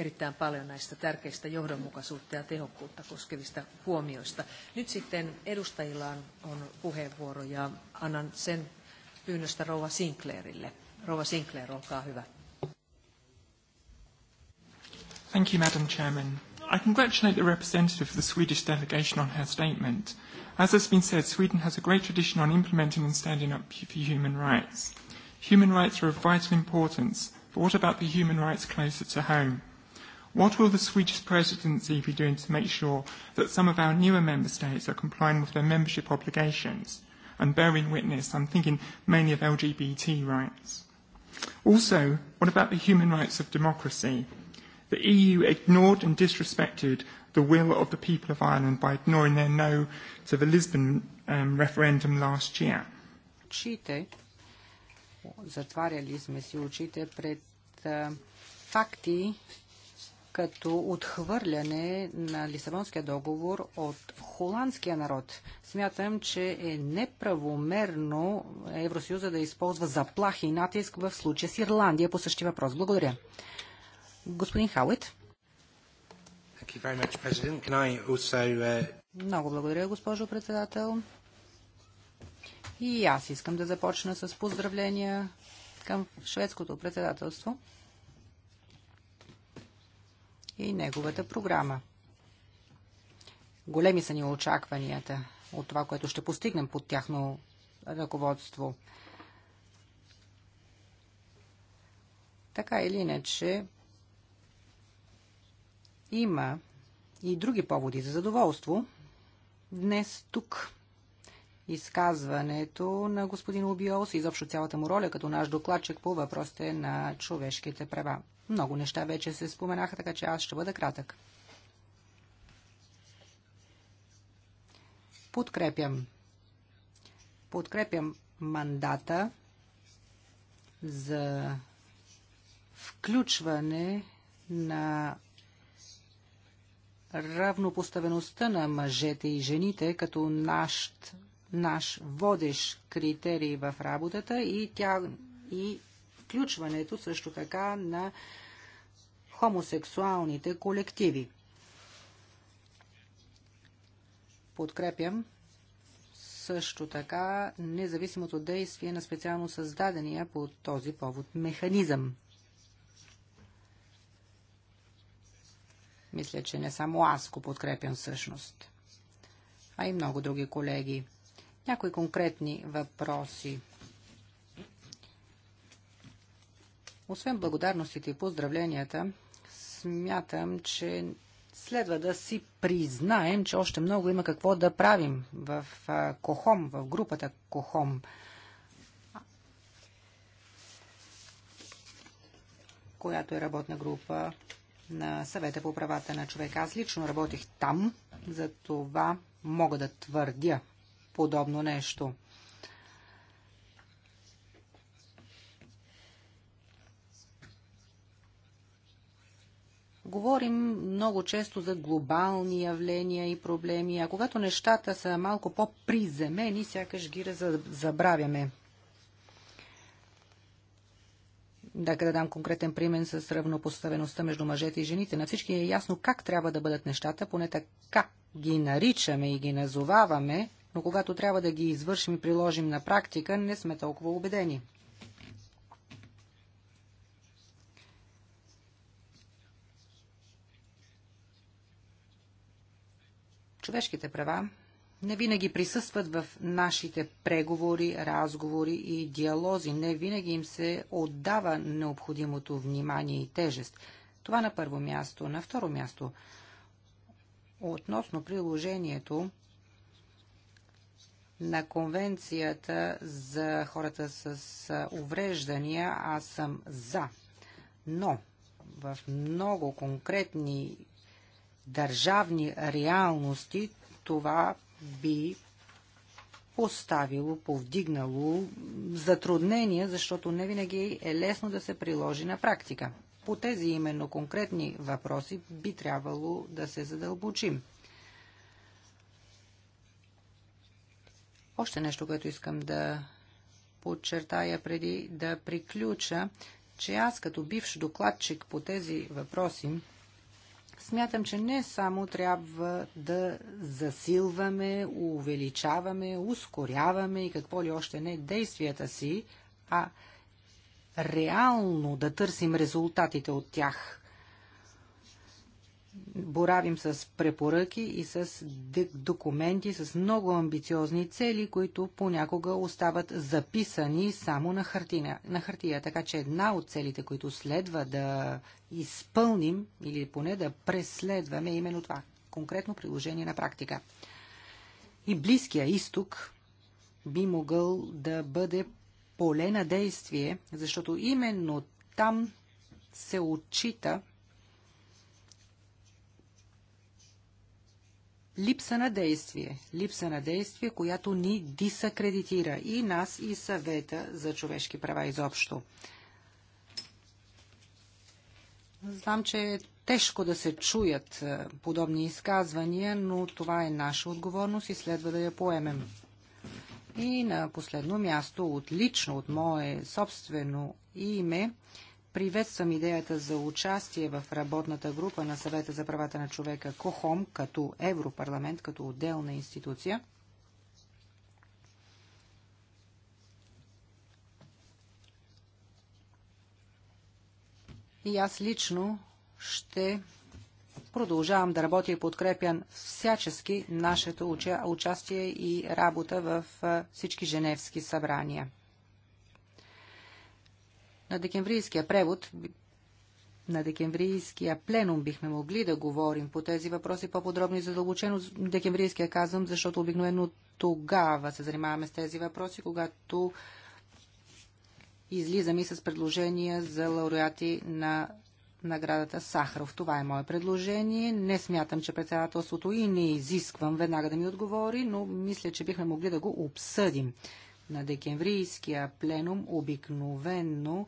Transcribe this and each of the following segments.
erittäin paljon näistä tärkeistä johdonmukaisuutta ja tehokkuutta koskevista huomioista. Nyt sitten edustajilla on, on puheenvuoro ja annan sen pyynnöstä Rouva Sinclairille. Rouva Sinclair, olkaa hyvä. Thank you, Madam Chairman. I congratulate the representative of the Swedish delegation on her statement. As has been said, Sweden has a great tradition on implementing and standing up for human rights. Human rights are of vital importance, but what about the human rights closer to home? What will the Swedish presidency be doing to make sure that some of our newer member states are complying with their membership obligations and bearing witness? I'm thinking mainly of LGBT rights. Also, what about the human rights of democracy? The EU ignored and disrespected the will of the people of Ireland by ignoring their no to the Lisbon um, referendum last year. Очите, затваряли сме си очите пред uh, факти, като отхвърляне на Лисабонския договор от холандския народ. Смятам, че е неправомерно Евросъюза да използва заплахи и натиск в случая с Ирландия по същия въпрос. Благодаря. Господин Хауит. Uh, Много благодаря, госпожо председател. И аз искам да започна с поздравления към шведското председателство и неговата програма. Големи са ни очакванията от това, което ще постигнем под тяхно ръководство. Така или иначе, има и други поводи за задоволство. Днес тук изказването на господин Обиос и изобщо цялата му роля като наш докладчик по въпросите на човешките права. Много неща вече се споменаха, така че аз ще бъда кратък. Подкрепям. Подкрепям мандата за включване на равнопоставеността на мъжете и жените като наш, наш водещ критерий в работата и, тя, и изключването също така на хомосексуалните колективи. Подкрепям също така независимото действие на специално създадения по този повод механизъм. Мисля, че не само аз го подкрепям всъщност, а и много други колеги. Някои конкретни въпроси Освен благодарностите и поздравленията, смятам, че следва да си признаем, че още много има какво да правим в Кохом, в групата Кохом. която е работна група на съвета по правата на човека. Аз лично работих там, за това мога да твърдя подобно нещо. Говорим много често за глобални явления и проблеми, а когато нещата са малко по-приземени, сякаш ги забравяме. Нека да дам конкретен пример с равнопоставеността между мъжете и жените. На всички е ясно как трябва да бъдат нещата, поне така ги наричаме и ги назоваваме, но когато трябва да ги извършим и приложим на практика, не сме толкова убедени. човешките права не винаги присъстват в нашите преговори, разговори и диалози. Не винаги им се отдава необходимото внимание и тежест. Това на първо място. На второ място, относно приложението на конвенцията за хората с увреждания, аз съм за. Но в много конкретни държавни реалности, това би поставило, повдигнало затруднения, защото не винаги е лесно да се приложи на практика. По тези именно конкретни въпроси би трябвало да се задълбочим. Още нещо, което искам да подчертая преди да приключа, че аз като бивш докладчик по тези въпроси смятам, че не само трябва да засилваме, увеличаваме, ускоряваме и какво ли още не действията си, а реално да търсим резултатите от тях боравим с препоръки и с документи с много амбициозни цели, които понякога остават записани само на хартия. На хартия. Така че една от целите, които следва да изпълним или поне да преследваме, е именно това конкретно приложение на практика. И Близкия изток би могъл да бъде поле на действие, защото именно там се отчита липса на действие. Липса на действие, която ни дисакредитира и нас, и съвета за човешки права изобщо. Знам, че е тежко да се чуят е, подобни изказвания, но това е наша отговорност и следва да я поемем. И на последно място, отлично от мое собствено име, Приветствам идеята за участие в работната група на съвета за правата на човека КОХОМ като Европарламент, като отделна институция. И аз лично ще продължавам да работя и подкрепям всячески нашето участие и работа в всички женевски събрания на декемврийския превод, на декемврийския пленум бихме могли да говорим по тези въпроси по-подробно и задълбочено. Декемврийския казвам, защото обикновено тогава се занимаваме с тези въпроси, когато излизам и с предложения за лауреати на наградата Сахаров. Това е мое предложение. Не смятам, че председателството и не изисквам веднага да ми отговори, но мисля, че бихме могли да го обсъдим на декемврийския пленум обикновенно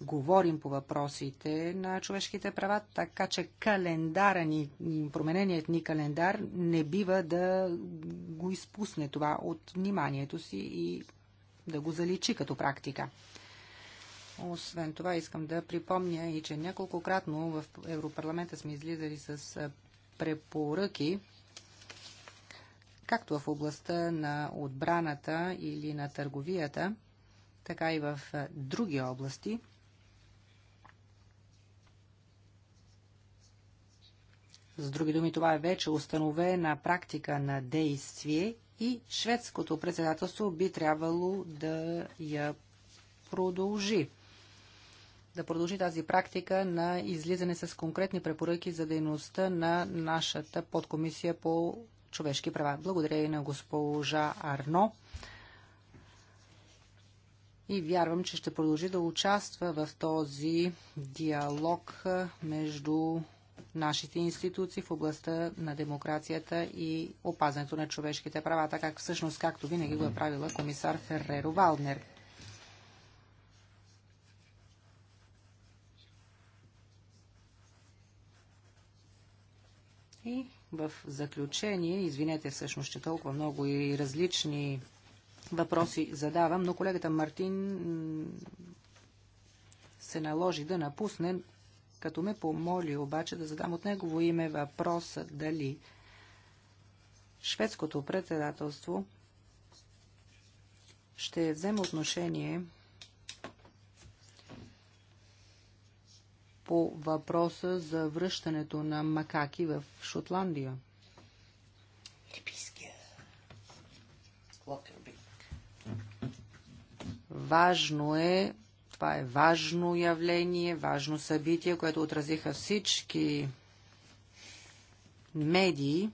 говорим по въпросите на човешките права, така че календара ни, промененият ни календар не бива да го изпусне това от вниманието си и да го заличи като практика. Освен това искам да припомня и, че няколко кратно в Европарламента сме излизали с препоръки както в областта на отбраната или на търговията, така и в други области. С други думи, това е вече установена практика на действие и шведското председателство би трябвало да я продължи. Да продължи тази практика на излизане с конкретни препоръки за дейността на нашата подкомисия по човешки права. Благодаря и на госпожа Арно и вярвам, че ще продължи да участва в този диалог между нашите институции в областта на демокрацията и опазването на човешките права, така всъщност както винаги го е правила комисар Ферреро Валднер. В заключение, извинете всъщност, че толкова много и различни въпроси задавам, но колегата Мартин се наложи да напусне, като ме помоли обаче да задам от негово име въпроса дали шведското председателство ще вземе отношение по въпроса за връщането на макаки в Шотландия? Важно е, това е важно явление, важно събитие, което отразиха всички медии,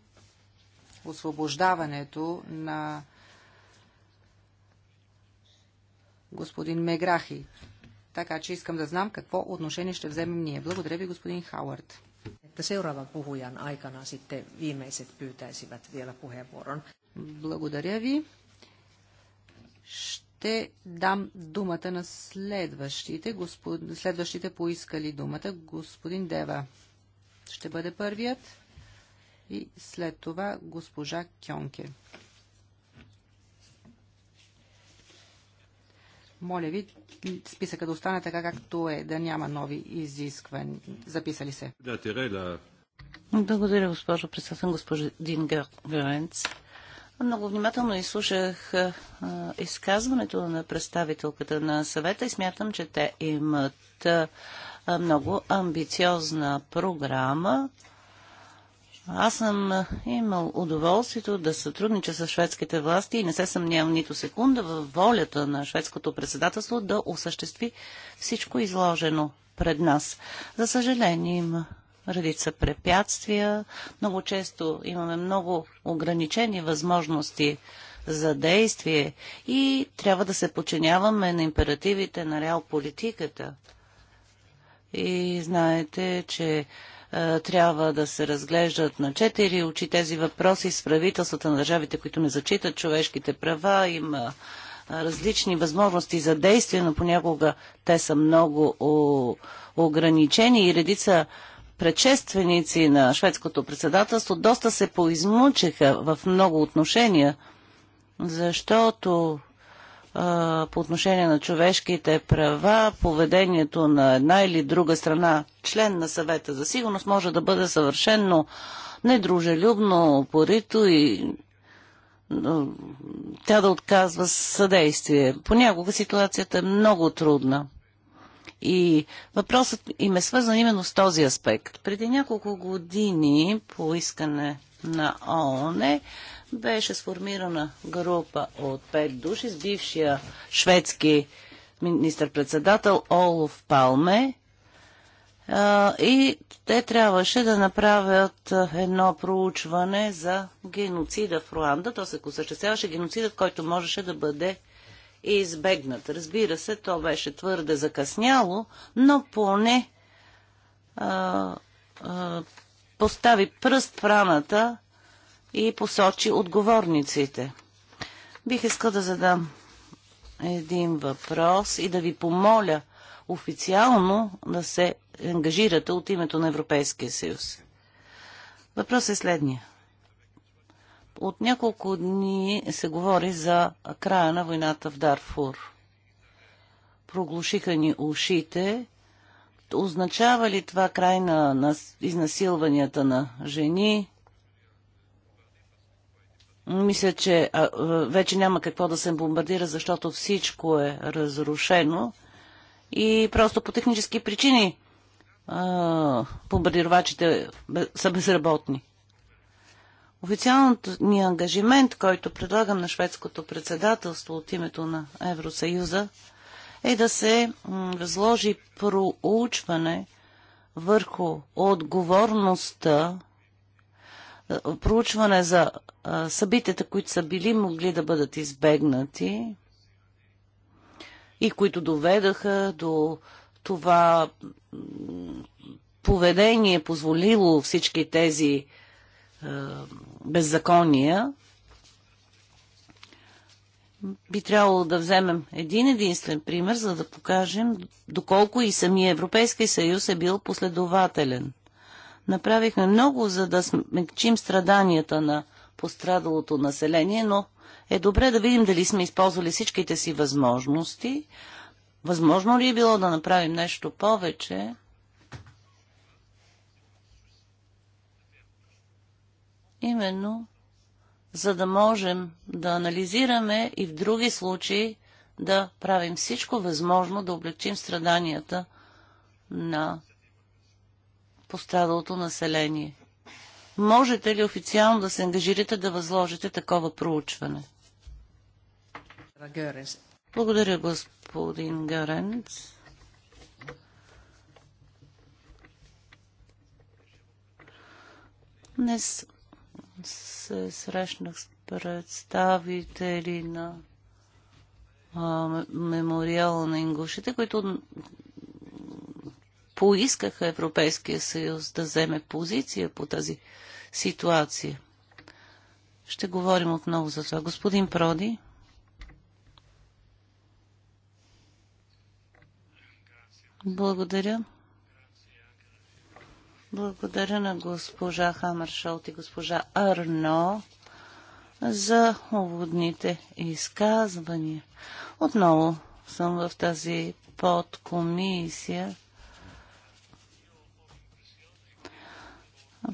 освобождаването на господин Меграхи така че искам да знам какво отношение ще вземем ние. Благодаря ви, господин Хауърд. Благодаря ви. Ще дам думата на следващите, господ... следващите поискали думата. Господин Дева ще бъде първият и след това госпожа Кьонке. Моля ви, списъка да остане така както е, да няма нови изисквания. Записали се. Благодаря, госпожо председател, господин Гаренц. Много внимателно изслушах изказването на представителката на съвета и смятам, че те имат много амбициозна програма. Аз съм имал удоволствието да сътруднича с шведските власти и не се съмнявам нито секунда в волята на шведското председателство да осъществи всичко изложено пред нас. За съжаление има редица препятствия. Много често имаме много ограничени възможности за действие и трябва да се подчиняваме на императивите на реал политиката. И знаете, че е, трябва да се разглеждат на четири очи тези въпроси с правителствата на държавите, които не зачитат човешките права. Има е, различни възможности за действие, но понякога те са много ограничени и редица предшественици на шведското председателство доста се поизмучиха в много отношения, защото по отношение на човешките права, поведението на една или друга страна, член на съвета за сигурност, може да бъде съвършенно недружелюбно, порито и тя да отказва съдействие. Понякога ситуацията е много трудна. И въпросът им е свързан именно с този аспект. Преди няколко години по искане на ООН беше сформирана група от пет души с бившия шведски министр-председател Олов Палме и те трябваше да направят едно проучване за геноцида в Руанда. То се осъществяваше геноцидът, който можеше да бъде избегнат. Разбира се, то беше твърде закъсняло, но поне а, а, постави пръст в раната и посочи отговорниците. Бих искал да задам един въпрос и да ви помоля официално да се ангажирате от името на Европейския съюз. Въпрос е следния. От няколко дни се говори за края на войната в Дарфур. Проглушиха ни ушите. Означава ли това край на, на изнасилванията на жени, мисля, че а, вече няма какво да се бомбардира, защото всичко е разрушено и просто по технически причини а, бомбардировачите са безработни. Официалният ни ангажимент, който предлагам на шведското председателство от името на Евросъюза, е да се възложи проучване върху отговорността проучване за събитията, които са били могли да бъдат избегнати и които доведаха до това поведение, позволило всички тези беззакония, би трябвало да вземем един единствен пример, за да покажем доколко и самия Европейски съюз е бил последователен. Направихме много, за да смекчим страданията на пострадалото население, но е добре да видим дали сме използвали всичките си възможности. Възможно ли е било да направим нещо повече? Именно, за да можем да анализираме и в други случаи да правим всичко възможно да облегчим страданията на пострадалото население. Можете ли официално да се ангажирате да възложите такова проучване? Благодаря, господин Гаренц. Днес се срещнах с представители на мемориала на ингушите, които поискаха Европейския съюз да вземе позиция по тази ситуация. Ще говорим отново за това. Господин Проди. Благодаря. Благодаря на госпожа Хамършолт и госпожа Арно за уводните изказвания. Отново съм в тази подкомисия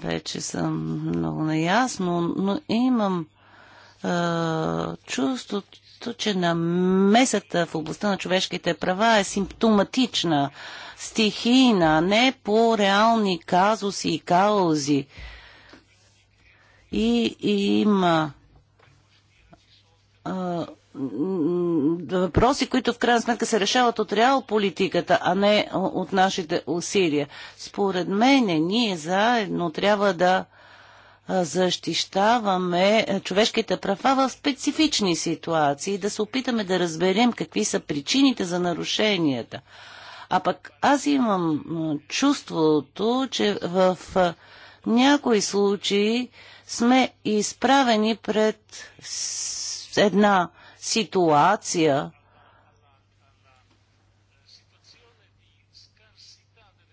вече съм много наясно, но имам е, чувството, че намесата в областта на човешките права е симптоматична, стихийна, не по реални казуси и каузи. И, и има е, въпроси, които в крайна сметка се решават от реал политиката, а не от нашите усилия. Според мен, ние заедно трябва да защищаваме е, човешките права в специфични ситуации, да се опитаме да разберем какви са причините за нарушенията. А пък аз имам чувството, че в някои случаи сме изправени пред една ситуация,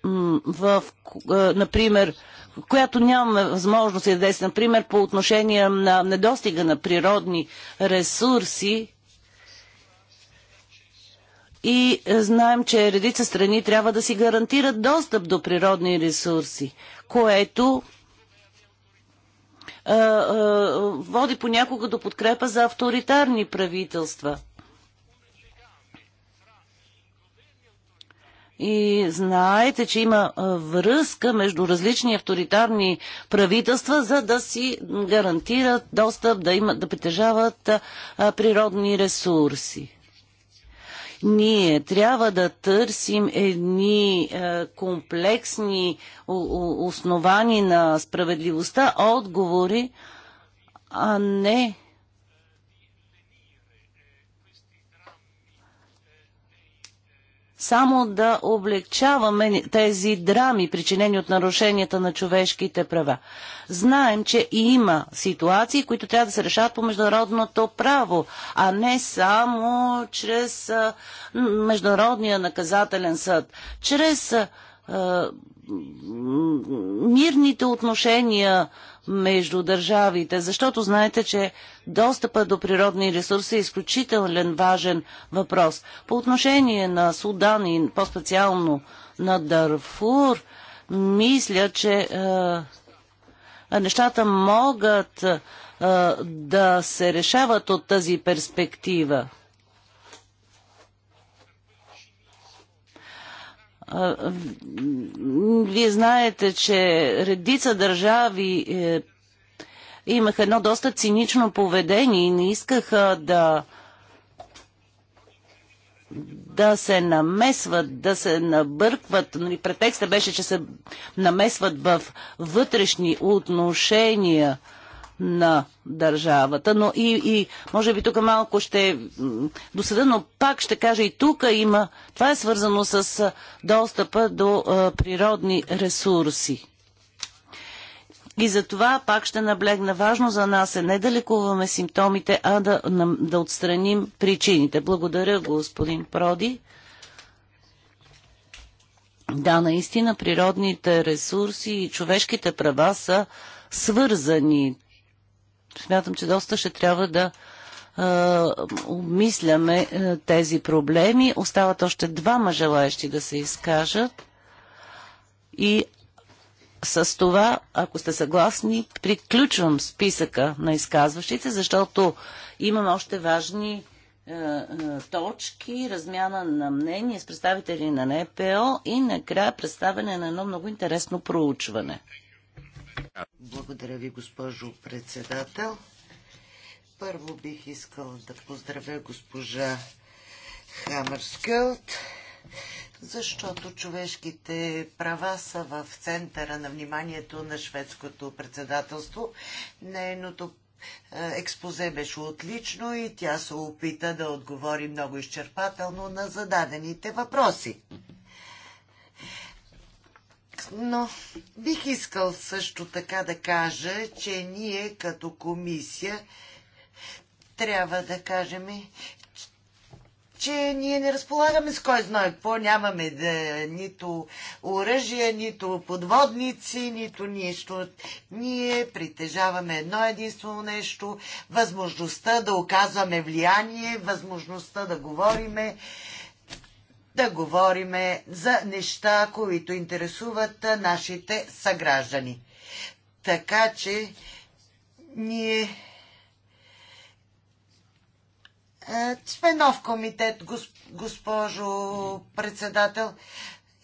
в, е, например, в която нямаме възможност да действа, например, по отношение на недостига на природни ресурси. И е, знаем, че редица страни трябва да си гарантират достъп до природни ресурси, което води понякога до подкрепа за авторитарни правителства. И знаете, че има връзка между различни авторитарни правителства, за да си гарантират достъп, да, има, да притежават природни ресурси. Ние трябва да търсим едни е, комплексни основани на справедливостта отговори, а не само да облегчаваме тези драми, причинени от нарушенията на човешките права. Знаем, че има ситуации, които трябва да се решават по международното право, а не само чрез Международния наказателен съд, чрез мирните отношения между държавите, защото знаете, че достъпа до природни ресурси е изключителен важен въпрос. По отношение на Судан и по-специално на Дарфур, мисля, че е, нещата могат е, да се решават от тази перспектива. Вие знаете, че редица държави е, имаха едно доста цинично поведение и не искаха да да се намесват, да се набъркват. Нали, претекста беше, че се намесват в вътрешни отношения на държавата. Но и, и може би тук малко ще досъда, но пак ще кажа и тук има. Това е свързано с достъпа до а, природни ресурси. И за това пак ще наблегна. Важно за нас е не да лекуваме симптомите, а да, да отстраним причините. Благодаря, господин Проди. Да, наистина природните ресурси и човешките права са свързани смятам, че доста ще трябва да обмисляме тези проблеми. Остават още двама желаящи да се изкажат. И с това, ако сте съгласни, приключвам списъка на изказващите, защото имам още важни точки, размяна на мнение с представители на НПО и накрая представяне на едно много интересно проучване. Благодаря ви, госпожо председател. Първо бих искала да поздравя госпожа Хамърскълт, защото човешките права са в центъра на вниманието на шведското председателство. Нейното е, експозе беше отлично и тя се опита да отговори много изчерпателно на зададените въпроси но бих искал също така да кажа, че ние като комисия трябва да кажем, че ние не разполагаме с кой знае какво, нямаме да, нито оръжия, нито подводници, нито нищо. Ние притежаваме едно единствено нещо, възможността да оказваме влияние, възможността да говориме да говориме за неща, които интересуват нашите съграждани. Така че ние сме нов комитет, госпожо председател,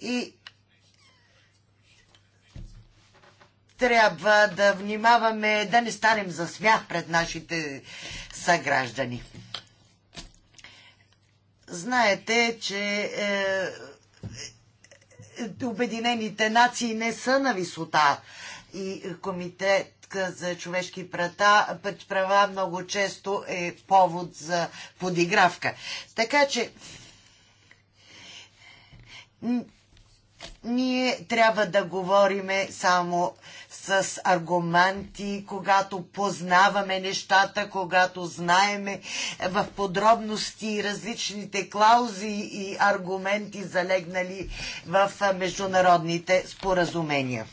и трябва да внимаваме да не станем за смях пред нашите съграждани. Знаете, че е, Обединените нации не са на висота и комитет за човешки прата, права много често е повод за подигравка. Така че ние трябва да говориме само с аргументи, когато познаваме нещата, когато знаеме в подробности различните клаузи и аргументи залегнали в международните споразумения.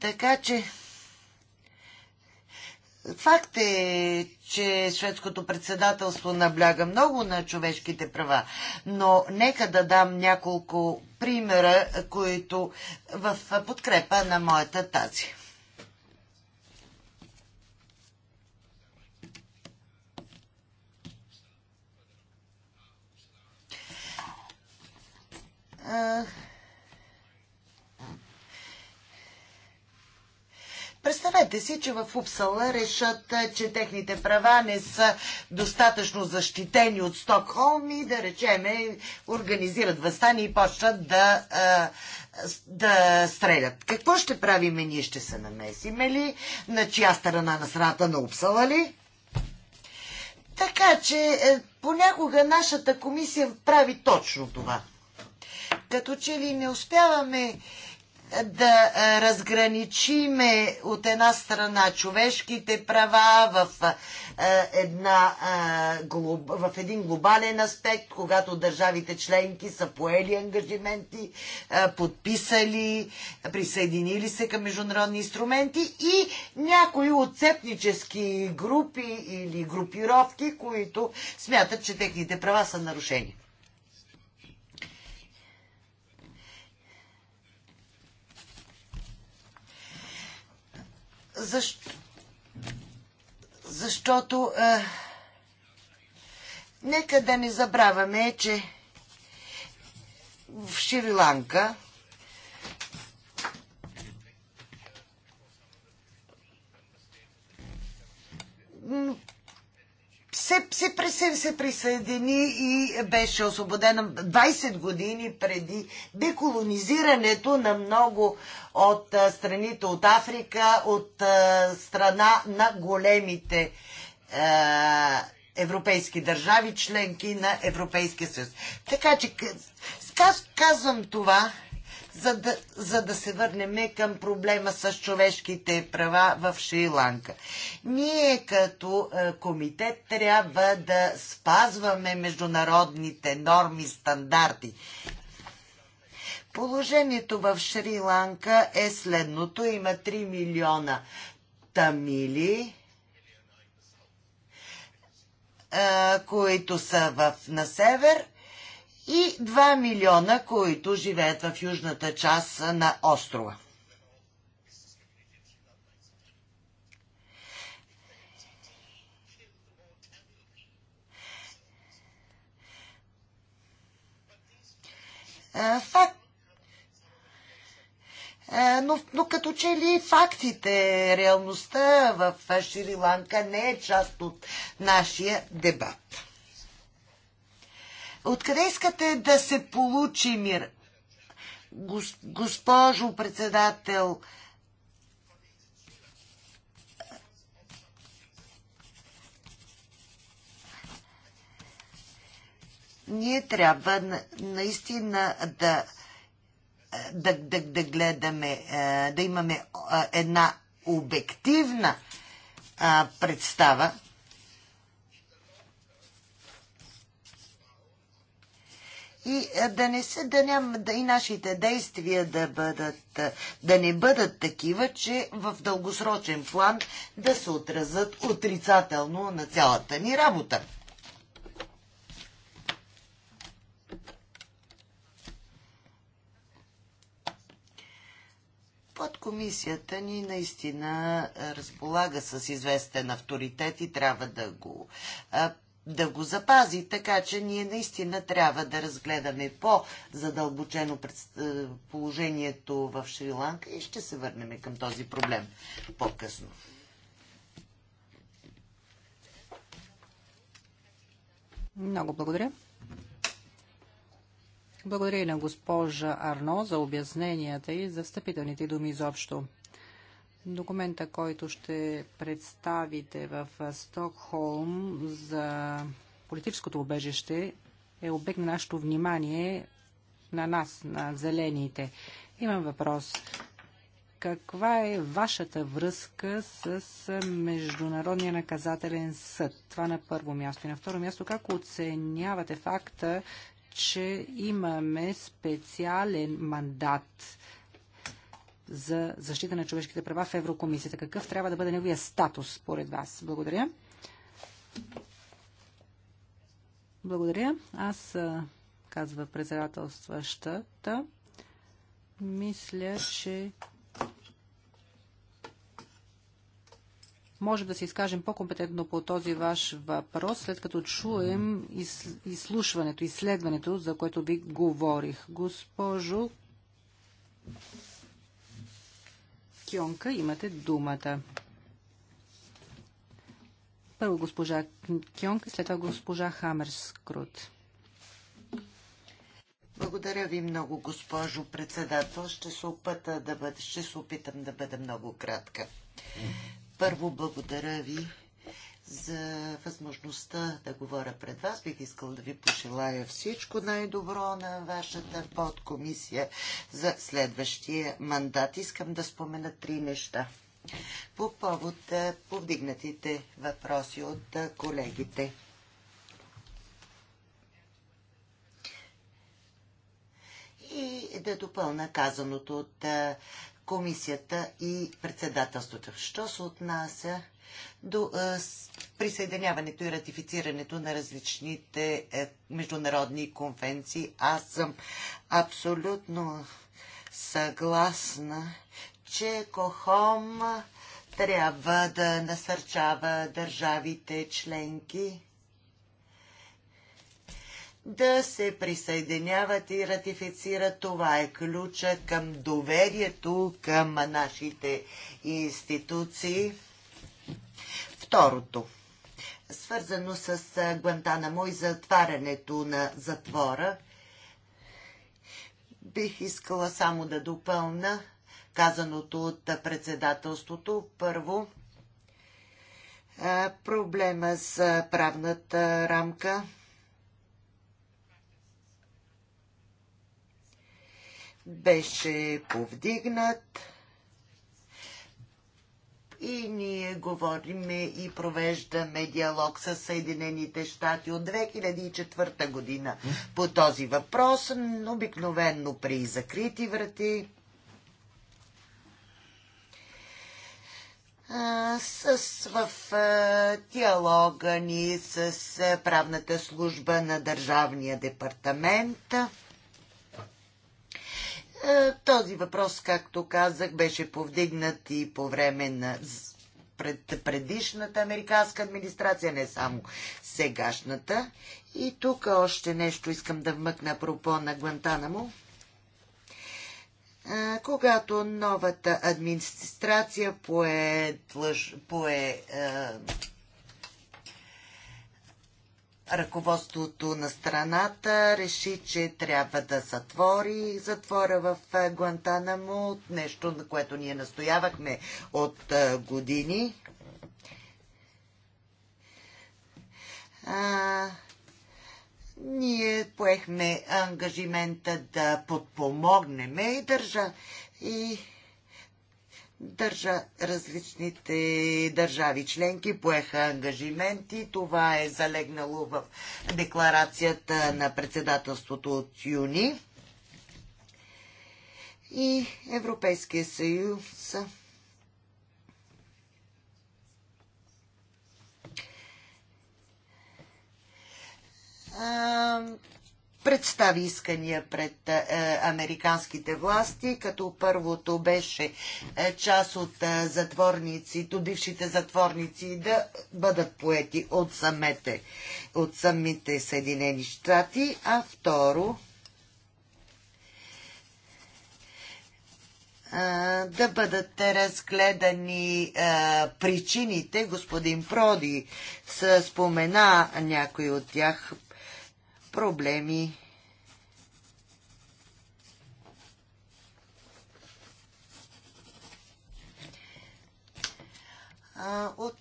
Така че Факт е, че шведското председателство набляга много на човешките права, но нека да дам няколко примера, които в подкрепа на моята тази. Uh Представете си, че в Упсала решат, е, че техните права не са достатъчно защитени от Стокхолм и да речеме организират възстание и почнат да, е, да стрелят. Какво ще правиме? Ние ще се намесиме ли? На чия страна на страната на Упсала ли? Така че е, понякога нашата комисия прави точно това. Като че ли не успяваме да разграничиме от една страна човешките права в, една, в един глобален аспект, когато държавите членки са поели ангажименти, подписали, присъединили се към международни инструменти и някои отцепнически групи или групировки, които смятат, че техните права са нарушени. Защо? Защото а, е, нека да не забравяме, че в Шри-Ланка се, се, се, се присъедини и беше освободена 20 години преди деколонизирането на много от а, страните от Африка, от а, страна на големите а, европейски държави, членки на Европейския съюз. Така че каз, казвам това, за да, за да се върнем към проблема с човешките права в Шри-Ланка. Ние като е, комитет трябва да спазваме международните норми, стандарти. Положението в Шри-Ланка е следното. Има 3 милиона тамили, е, които са в, на север и 2 милиона, които живеят в южната част на острова. Факт. Но, но като че ли фактите, реалността в Шри-Ланка не е част от нашия дебат. Откъде искате да се получи мир? Госпожо председател, ние трябва на, наистина да, да, да, да гледаме, е, да имаме е, една обективна представа и е, да не се, да ням, да и нашите действия да, бъдат, е, да не бъдат такива, че в дългосрочен план да се отразят отрицателно на цялата ни работа. подкомисията ни наистина е, разполага с известен авторитет и трябва да го да го запази, така че ние наистина трябва да разгледаме по-задълбочено е, положението в Шри-Ланка и ще се върнем към този проблем по-късно. Много благодаря. Благодаря и на госпожа Арно за обясненията и за встъпителните думи изобщо. Документа, който ще представите в Стокхолм за политическото убежище е обект на нашето внимание, на нас, на зелените. Имам въпрос. Каква е вашата връзка с Международния наказателен съд? Това на първо място. И на второ място, как оценявате факта, че имаме специален мандат за защита на човешките права в Еврокомисията. Какъв трябва да бъде неговия статус, според вас? Благодаря. Благодаря. Аз, казва председателстващата, мисля, че може да се изкажем по-компетентно по този ваш въпрос, след като чуем изслушването, изследването, за което ви говорих. Госпожо Кьонка, имате думата. Първо госпожа Кьонка, след това госпожа Хамерскрут. Благодаря ви много, госпожо председател. Ще се, опита да бъде, ще се опитам да бъда много кратка. Първо, благодаря ви за възможността да говоря пред вас. Бих искал да ви пожелая всичко най-добро на вашата подкомисия за следващия мандат. Искам да спомена три неща. По повод повдигнатите въпроси от колегите. И да допълна казаното от комисията и председателството. Що се отнася до присъединяването и ратифицирането на различните е, международни конвенции. Аз съм абсолютно съгласна, че КОХОМ трябва да насърчава държавите членки да се присъединяват и ратифицират. Това е ключа към доверието към нашите институции. Второто свързано с Гуантанамо и затварянето на затвора. Бих искала само да допълна казаното от председателството. Първо, проблема с правната рамка. Беше повдигнат и ние говорим и провеждаме диалог с Съединените щати от 2004 година по този въпрос, обикновенно при закрити врати. с, в диалога ни с правната служба на Държавния департамент. Е, този въпрос, както казах, беше повдигнат и по време на пред предишната американска администрация, не само сегашната. И тук още нещо искам да вмъкна пропо на Гвантанамо. Е, когато новата администрация пое, пое е, ръководството на страната реши, че трябва да затвори затвора в е, Гуантанамо, нещо, на което ние настоявахме от е, години. А, ние поехме ангажимента да подпомогнем и държа и Държа, различните държави членки поеха ангажименти. Това е залегнало в декларацията на председателството от юни. И Европейския съюз представи искания пред е, американските власти, като първото беше е, част от е, затворници, от бившите затворници да бъдат поети от самите, от самите Съединени щати, а второ да бъдат разгледани а, причините. Господин Проди спомена някои от тях проблеми. От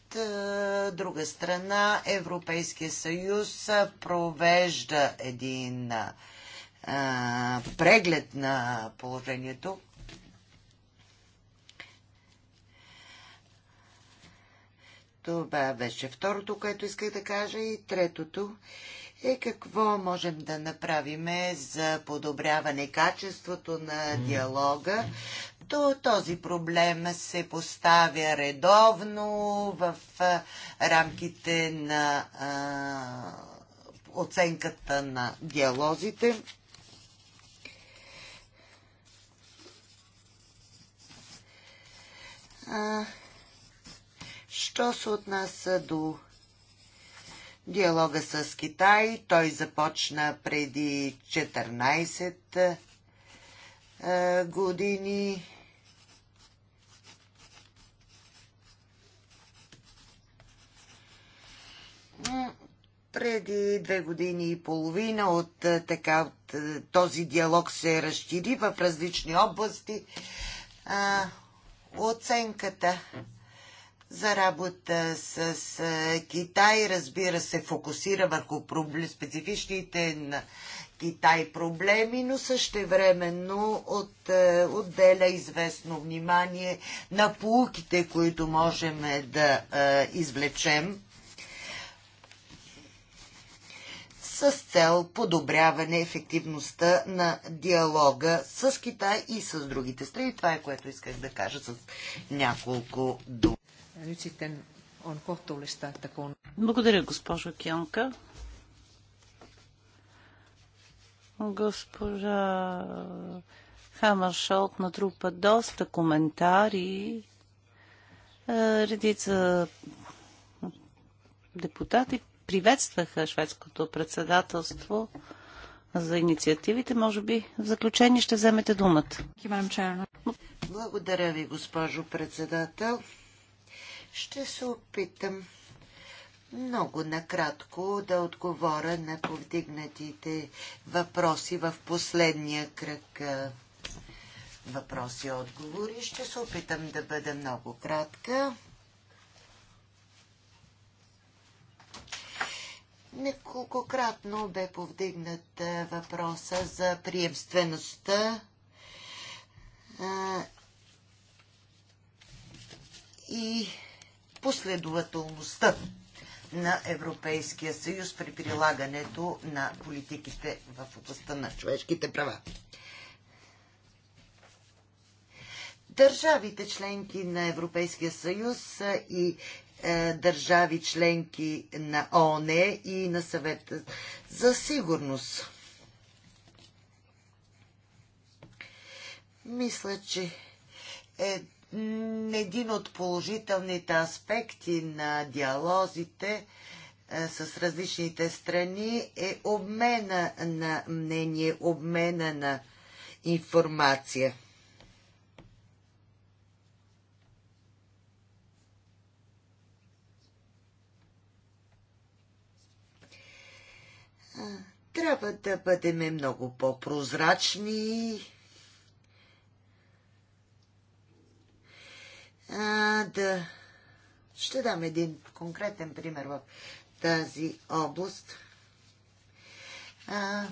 друга страна, Европейския съюз провежда един преглед на положението. Това беше второто, което исках да кажа и третото е какво можем да направим за подобряване качеството на диалога. То, този проблем се поставя редовно в рамките на а, оценката на диалозите. А, що се отнася до Диалога с Китай, той започна преди 14 е, години. преди две години и половина от, е, така, от е, този диалог се разчири в различни области. А, оценката за работа с, Китай. Разбира се, фокусира върху специфичните на Китай проблеми, но същевременно от, отделя известно внимание на полуките, които можем да е, извлечем с цел подобряване ефективността на диалога с Китай и с другите страни. Това е което исках да кажа с няколко думи. Благодаря, госпожо Кионка. Госпожа Хамършолт натрупа доста коментари. Е, редица депутати приветстваха шведското председателство за инициативите. Може би в заключение ще вземете думата. Благодаря ви, госпожо председател. Ще се опитам много накратко да отговоря на повдигнатите въпроси в последния кръг въпроси и отговори. Ще се опитам да бъда много кратка. Неколкократно бе повдигнат въпроса за приемствеността и последователността на Европейския съюз при прилагането на политиките в областта на човешките права. Държавите членки на Европейския съюз и е, държави членки на ООН и на съвета за сигурност. Мисля, че е един от положителните аспекти на диалозите е, с различните страни е обмена на мнение, обмена на информация. Трябва да бъдем много по-прозрачни а, да. Ще дам един конкретен пример в тази област. А,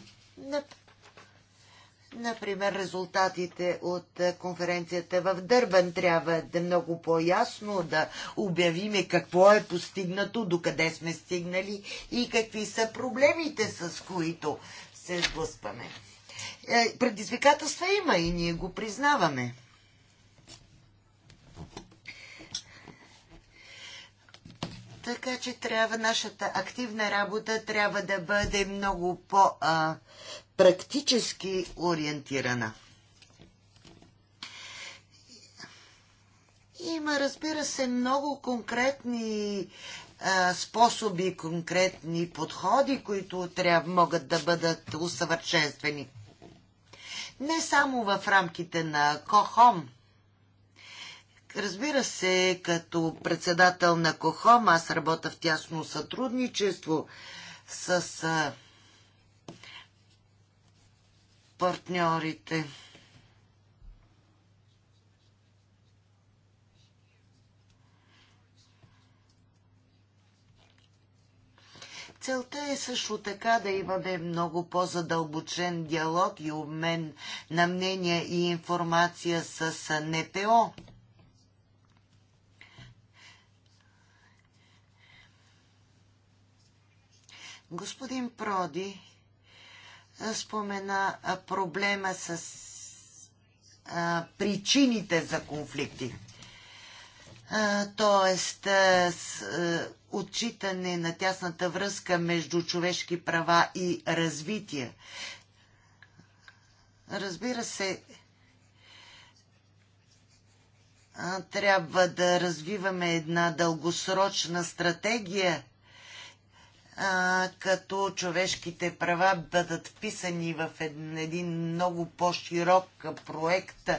Например, резултатите от конференцията в Дърбан трябва да е много по-ясно да обявиме какво е постигнато, докъде сме стигнали и какви са проблемите, с които се сблъскваме. Е, предизвикателства има и ние го признаваме. Така че трябва нашата активна работа трябва да бъде много по-практически ориентирана. Има, разбира се, много конкретни а, способи, конкретни подходи, които трябва, могат да бъдат усъвършенствени. Не само в рамките на КОХОМ, Разбира се, като председател на КОХОМ, аз работя в тясно сътрудничество с а, партньорите. Целта е също така да имаме много по-задълбочен диалог и обмен на мнения и информация с НПО. Господин Проди спомена проблема с причините за конфликти. Тоест, отчитане на тясната връзка между човешки права и развитие. Разбира се, трябва да развиваме една дългосрочна стратегия а, като човешките права бъдат вписани в един, един много по-широк проект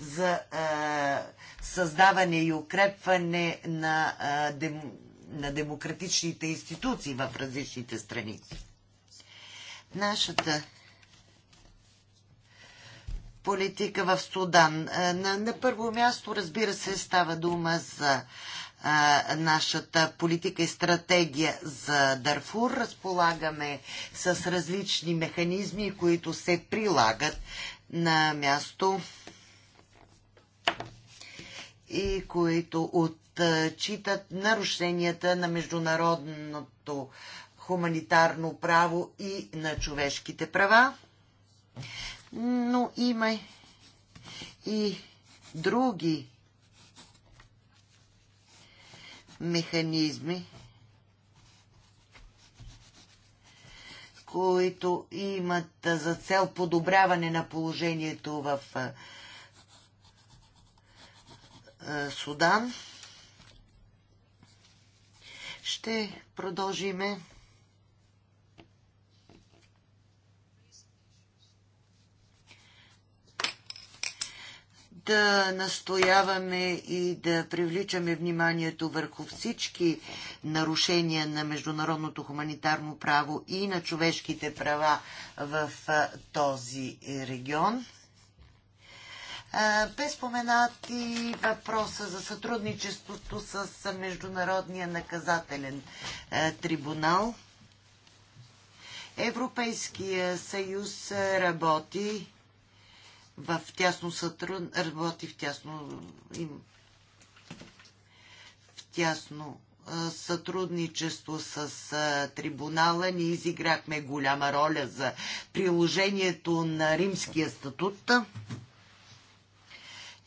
за а, създаване и укрепване на, а, дем, на демократичните институции в различните страни. Нашата политика в Судан. На, на първо място, разбира се, става дума за нашата политика и стратегия за Дарфур. Разполагаме с различни механизми, които се прилагат на място и които отчитат нарушенията на международното хуманитарно право и на човешките права. Но има и други механизми, които имат за цел подобряване на положението в Судан. Ще продължиме да настояваме и да привличаме вниманието върху всички нарушения на международното хуманитарно право и на човешките права в този е, регион. Без споменат и въпроса за сътрудничеството с Международния наказателен е, трибунал. Европейския съюз работи в тясно сътруд... работи в тясно им... в тясно сътрудничество с трибунала. Ние изиграхме голяма роля за приложението на римския статут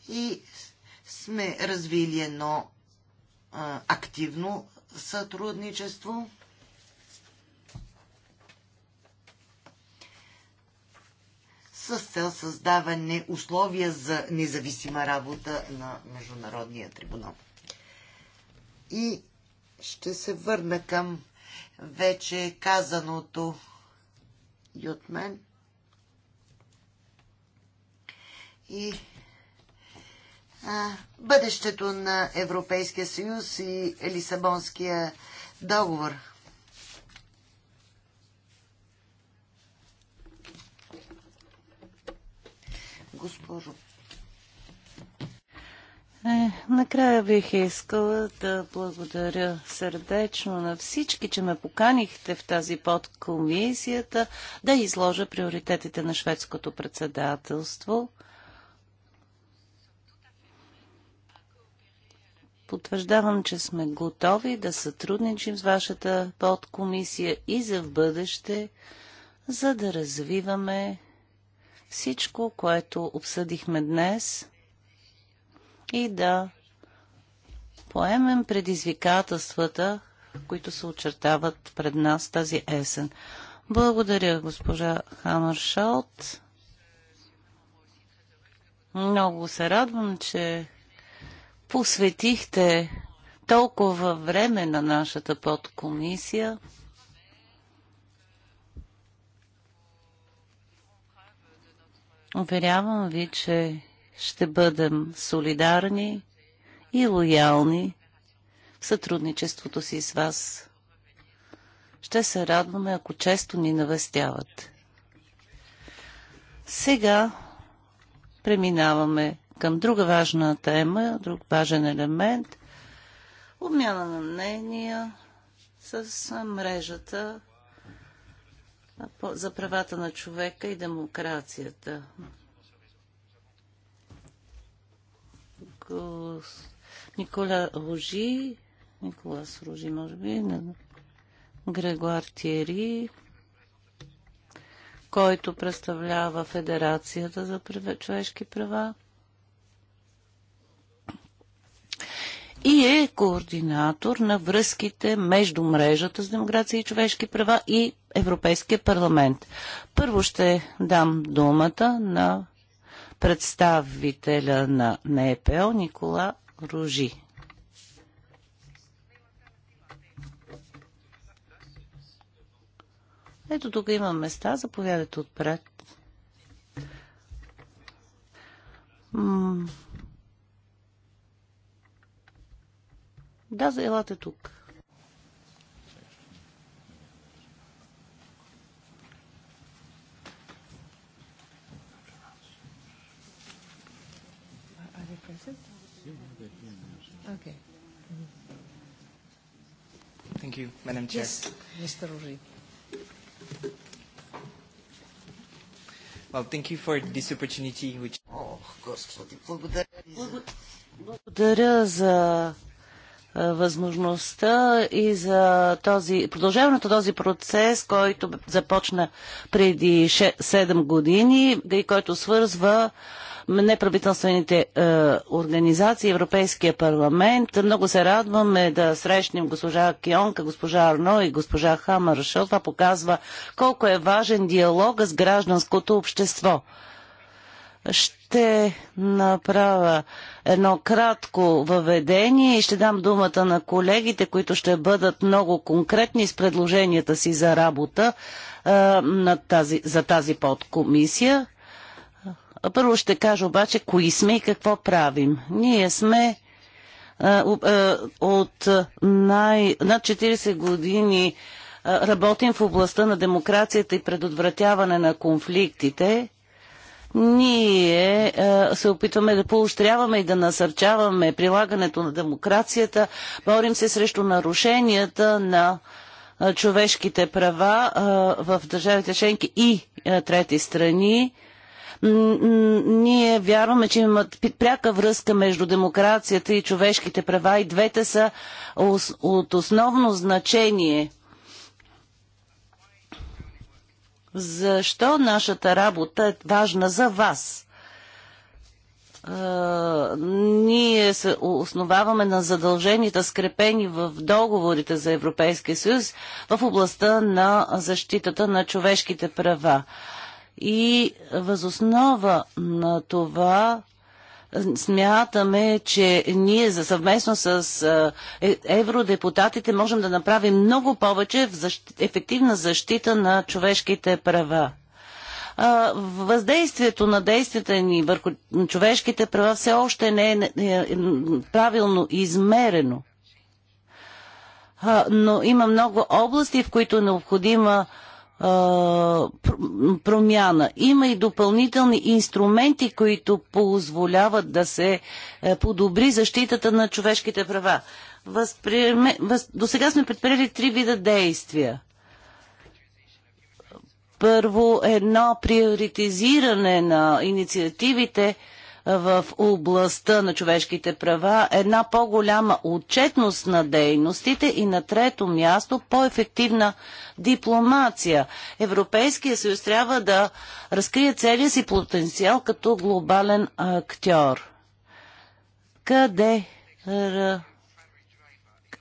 и сме развили едно активно сътрудничество. с цел създаване условия за независима работа на Международния трибунал. И ще се върна към вече казаното и от мен. И а, бъдещето на Европейския съюз и Лисабонския договор – Госпожо. Е, накрая бих искала да благодаря сърдечно на всички, че ме поканихте в тази подкомисията да изложа приоритетите на шведското председателство. Потвърждавам, че сме готови да сътрудничим с вашата подкомисия и за в бъдеще, за да развиваме всичко, което обсъдихме днес и да поемем предизвикателствата, които се очертават пред нас тази есен. Благодаря, госпожа Хамършалт. Много се радвам, че посветихте толкова време на нашата подкомисия. Уверявам ви, че ще бъдем солидарни и лоялни в сътрудничеството си с вас. Ще се радваме, ако често ни навестяват. Сега преминаваме към друга важна тема, друг важен елемент – обмяна на мнения с мрежата за правата на човека и демокрацията. Никола Ружи, Николас Ружи, може би, Грегуар Тиери, който представлява Федерацията за човешки права и е координатор на връзките между мрежата с демокрация и човешки права и Европейския парламент. Първо ще дам думата на представителя на, НЕПО Никола Ружи. Ето тук има места, заповядайте отпред. да, елате тук. you, Madam Chair. Yes, Mr. Uri. Well, thank you for this opportunity, which... Oh, благодаря за... Благодаря за възможността и за този, продължаването този процес, който започна преди 7 години и който свързва неправителствените е, организации, Европейския парламент. Много се радваме да срещнем госпожа Кионка, госпожа Арно и госпожа Хамар, защото това показва колко е важен диалога с гражданското общество. Ще направя едно кратко въведение и ще дам думата на колегите, които ще бъдат много конкретни с предложенията си за работа е, на тази, за тази подкомисия. Първо ще кажа обаче кои сме и какво правим. Ние сме а, от най, над 40 години работим в областта на демокрацията и предотвратяване на конфликтите. Ние се опитваме да поощряваме и да насърчаваме прилагането на демокрацията, борим се срещу нарушенията на човешките права в държавите членки и трети страни ние вярваме, че имат пряка връзка между демокрацията и човешките права и двете са от основно значение. Защо нашата работа е важна за вас? ние се основаваме на задълженията, скрепени в договорите за Европейския съюз в областта на защитата на човешките права. И възоснова на това е, смятаме, че ние за съвместно с е, е, евродепутатите можем да направим много повече в защ... ефективна защита на човешките права. Въздействието на действията ни върху човешките права все още не е правилно измерено. Но има много области, в които е необходима промяна. Има и допълнителни инструменти, които позволяват да се е, подобри защитата на човешките права. Възприеме... Въз... До сега сме предприели три вида действия. Първо, едно приоритизиране на инициативите – в областта на човешките права, една по-голяма отчетност на дейностите и на трето място по-ефективна дипломация. Европейския съюз трябва да разкрие целия си потенциал като глобален актьор. Къде?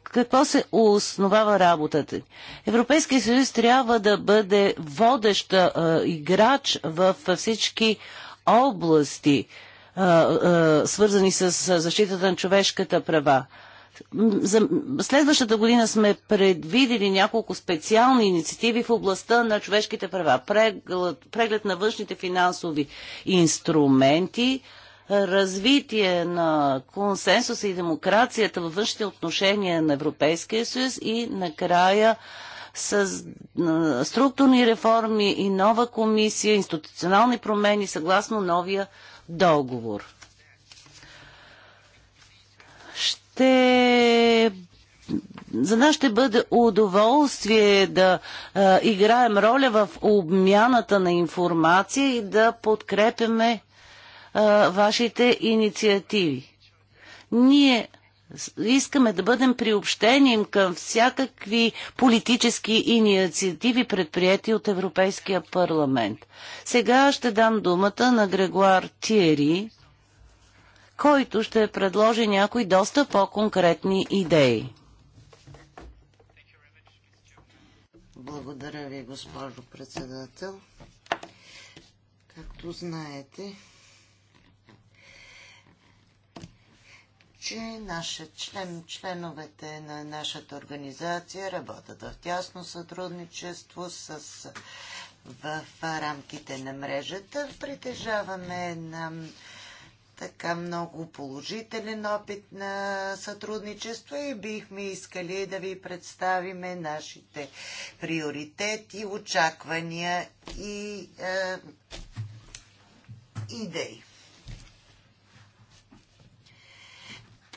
какво се основава работата? Европейския съюз трябва да бъде водеща играч в всички области свързани с защитата на човешката права. За следващата година сме предвидели няколко специални инициативи в областта на човешките права. Преглед, преглед на външните финансови инструменти, развитие на консенсуса и демокрацията във външните отношения на Европейския съюз и накрая с структурни реформи и нова комисия, институционални промени съгласно новия договор. Ще за нас ще бъде удоволствие да а, играем роля в обмяната на информация и да подкрепяме а, вашите инициативи. Ние искаме да бъдем приобщени към всякакви политически инициативи, предприяти от Европейския парламент. Сега ще дам думата на Грегуар Тиери, който ще предложи някои доста по-конкретни идеи. Благодаря ви, госпожо председател. Както знаете, че наши член, членовете на нашата организация работят в тясно сътрудничество с, в, в рамките на мрежата. Притежаваме на така много положителен опит на сътрудничество и бихме искали да ви представиме нашите приоритети, очаквания и е, идеи.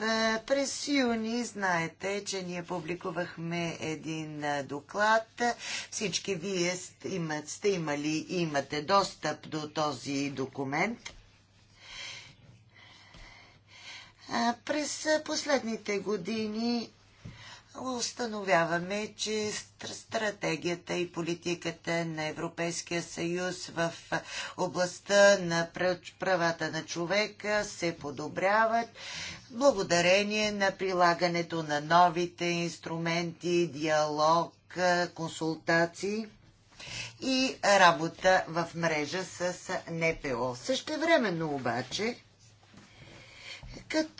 Е, през юни знаете, че ние публикувахме един е, доклад. Всички вие сте имали и имате достъп до този документ. Е, през последните години установяваме, че стратегията и политиката на Европейския съюз в областта на правата на човека се подобряват благодарение на прилагането на новите инструменти, диалог, консултации и работа в мрежа с НПО. времено обаче, като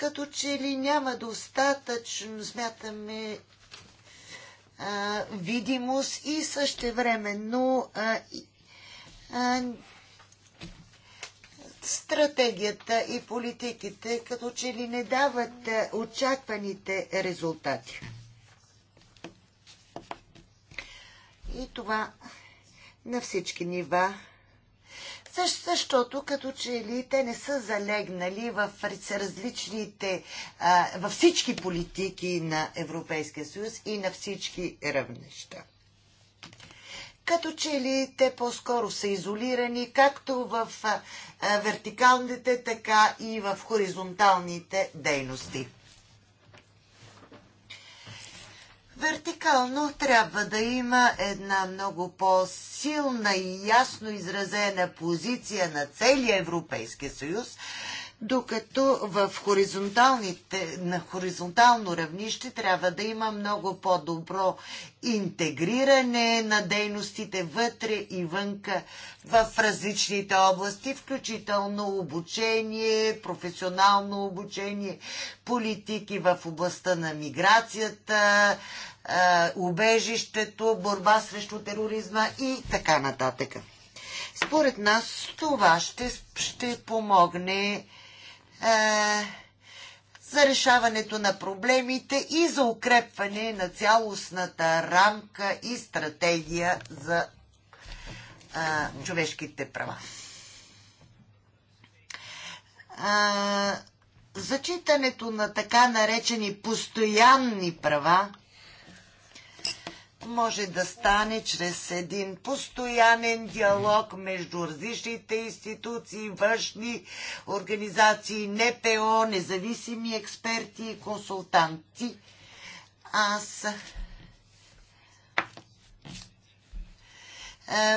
като че ли няма достатъчно, смятаме, а, видимост и същевременно а, а, стратегията и политиките като че ли не дават очакваните резултати. И това на всички нива също, защото като че ли те не са залегнали в различните, а, във всички политики на Европейския съюз и на всички равнища. Като че ли те по-скоро са изолирани, както в а, вертикалните, така и в хоризонталните дейности. Вертикално трябва да има една много по-силна и ясно изразена позиция на целия Европейския съюз, докато в хоризонталните, на хоризонтално равнище трябва да има много по-добро интегриране на дейностите вътре и вънка в различните области, включително обучение, професионално обучение, политики в областта на миграцията, убежището, борба срещу тероризма и така нататък. Според нас това ще, ще помогне е, за решаването на проблемите и за укрепване на цялостната рамка и стратегия за а, е, човешките права. А, е, зачитането на така наречени постоянни права може да стане чрез един постоянен диалог между различните институции, външни организации, НПО, независими експерти и консултанти. Аз е,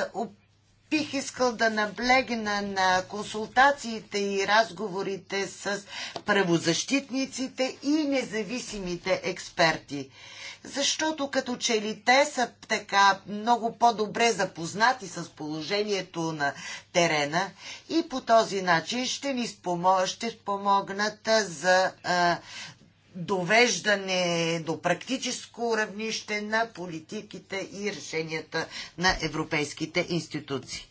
бих искал да наблегна на консултациите и разговорите с правозащитниците и независимите експерти защото като че ли те са така много по-добре запознати с положението на терена и по този начин ще ни спомо... ще спомогнат за а, довеждане до практическо равнище на политиките и решенията на европейските институции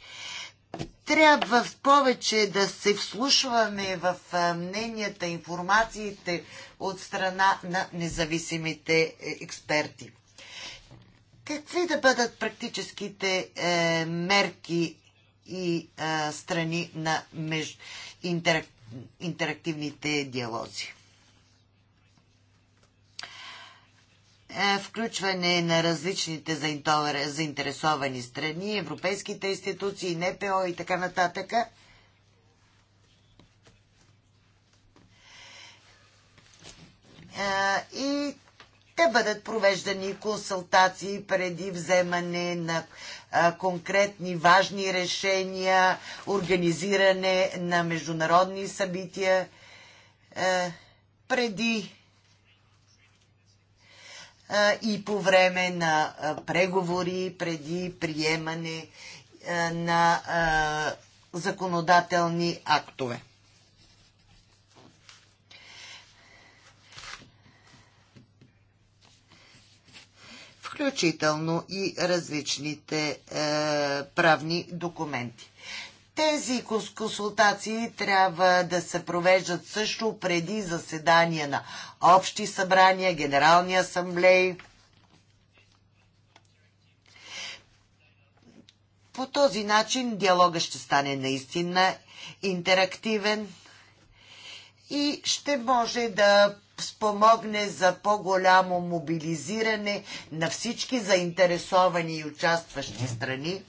трябва повече да се вслушваме в мненията, информациите от страна на независимите е, експерти. Какви да бъдат практическите е, мерки и е, страни на меж... интерак... интерактивните диалози? Е, включване на различните заинтересовани страни, европейските институции, НПО и така нататък. Е, и да бъдат провеждани консултации преди вземане на е, конкретни важни решения, организиране на международни събития, преди и по време на преговори преди приемане на законодателни актове. включително и различните е, правни документи. Тези консултации трябва да се провеждат също преди заседания на общи събрания, генерални асамблеи. По този начин диалога ще стане наистина интерактивен и ще може да спомогне за по-голямо мобилизиране на всички заинтересовани и участващи страни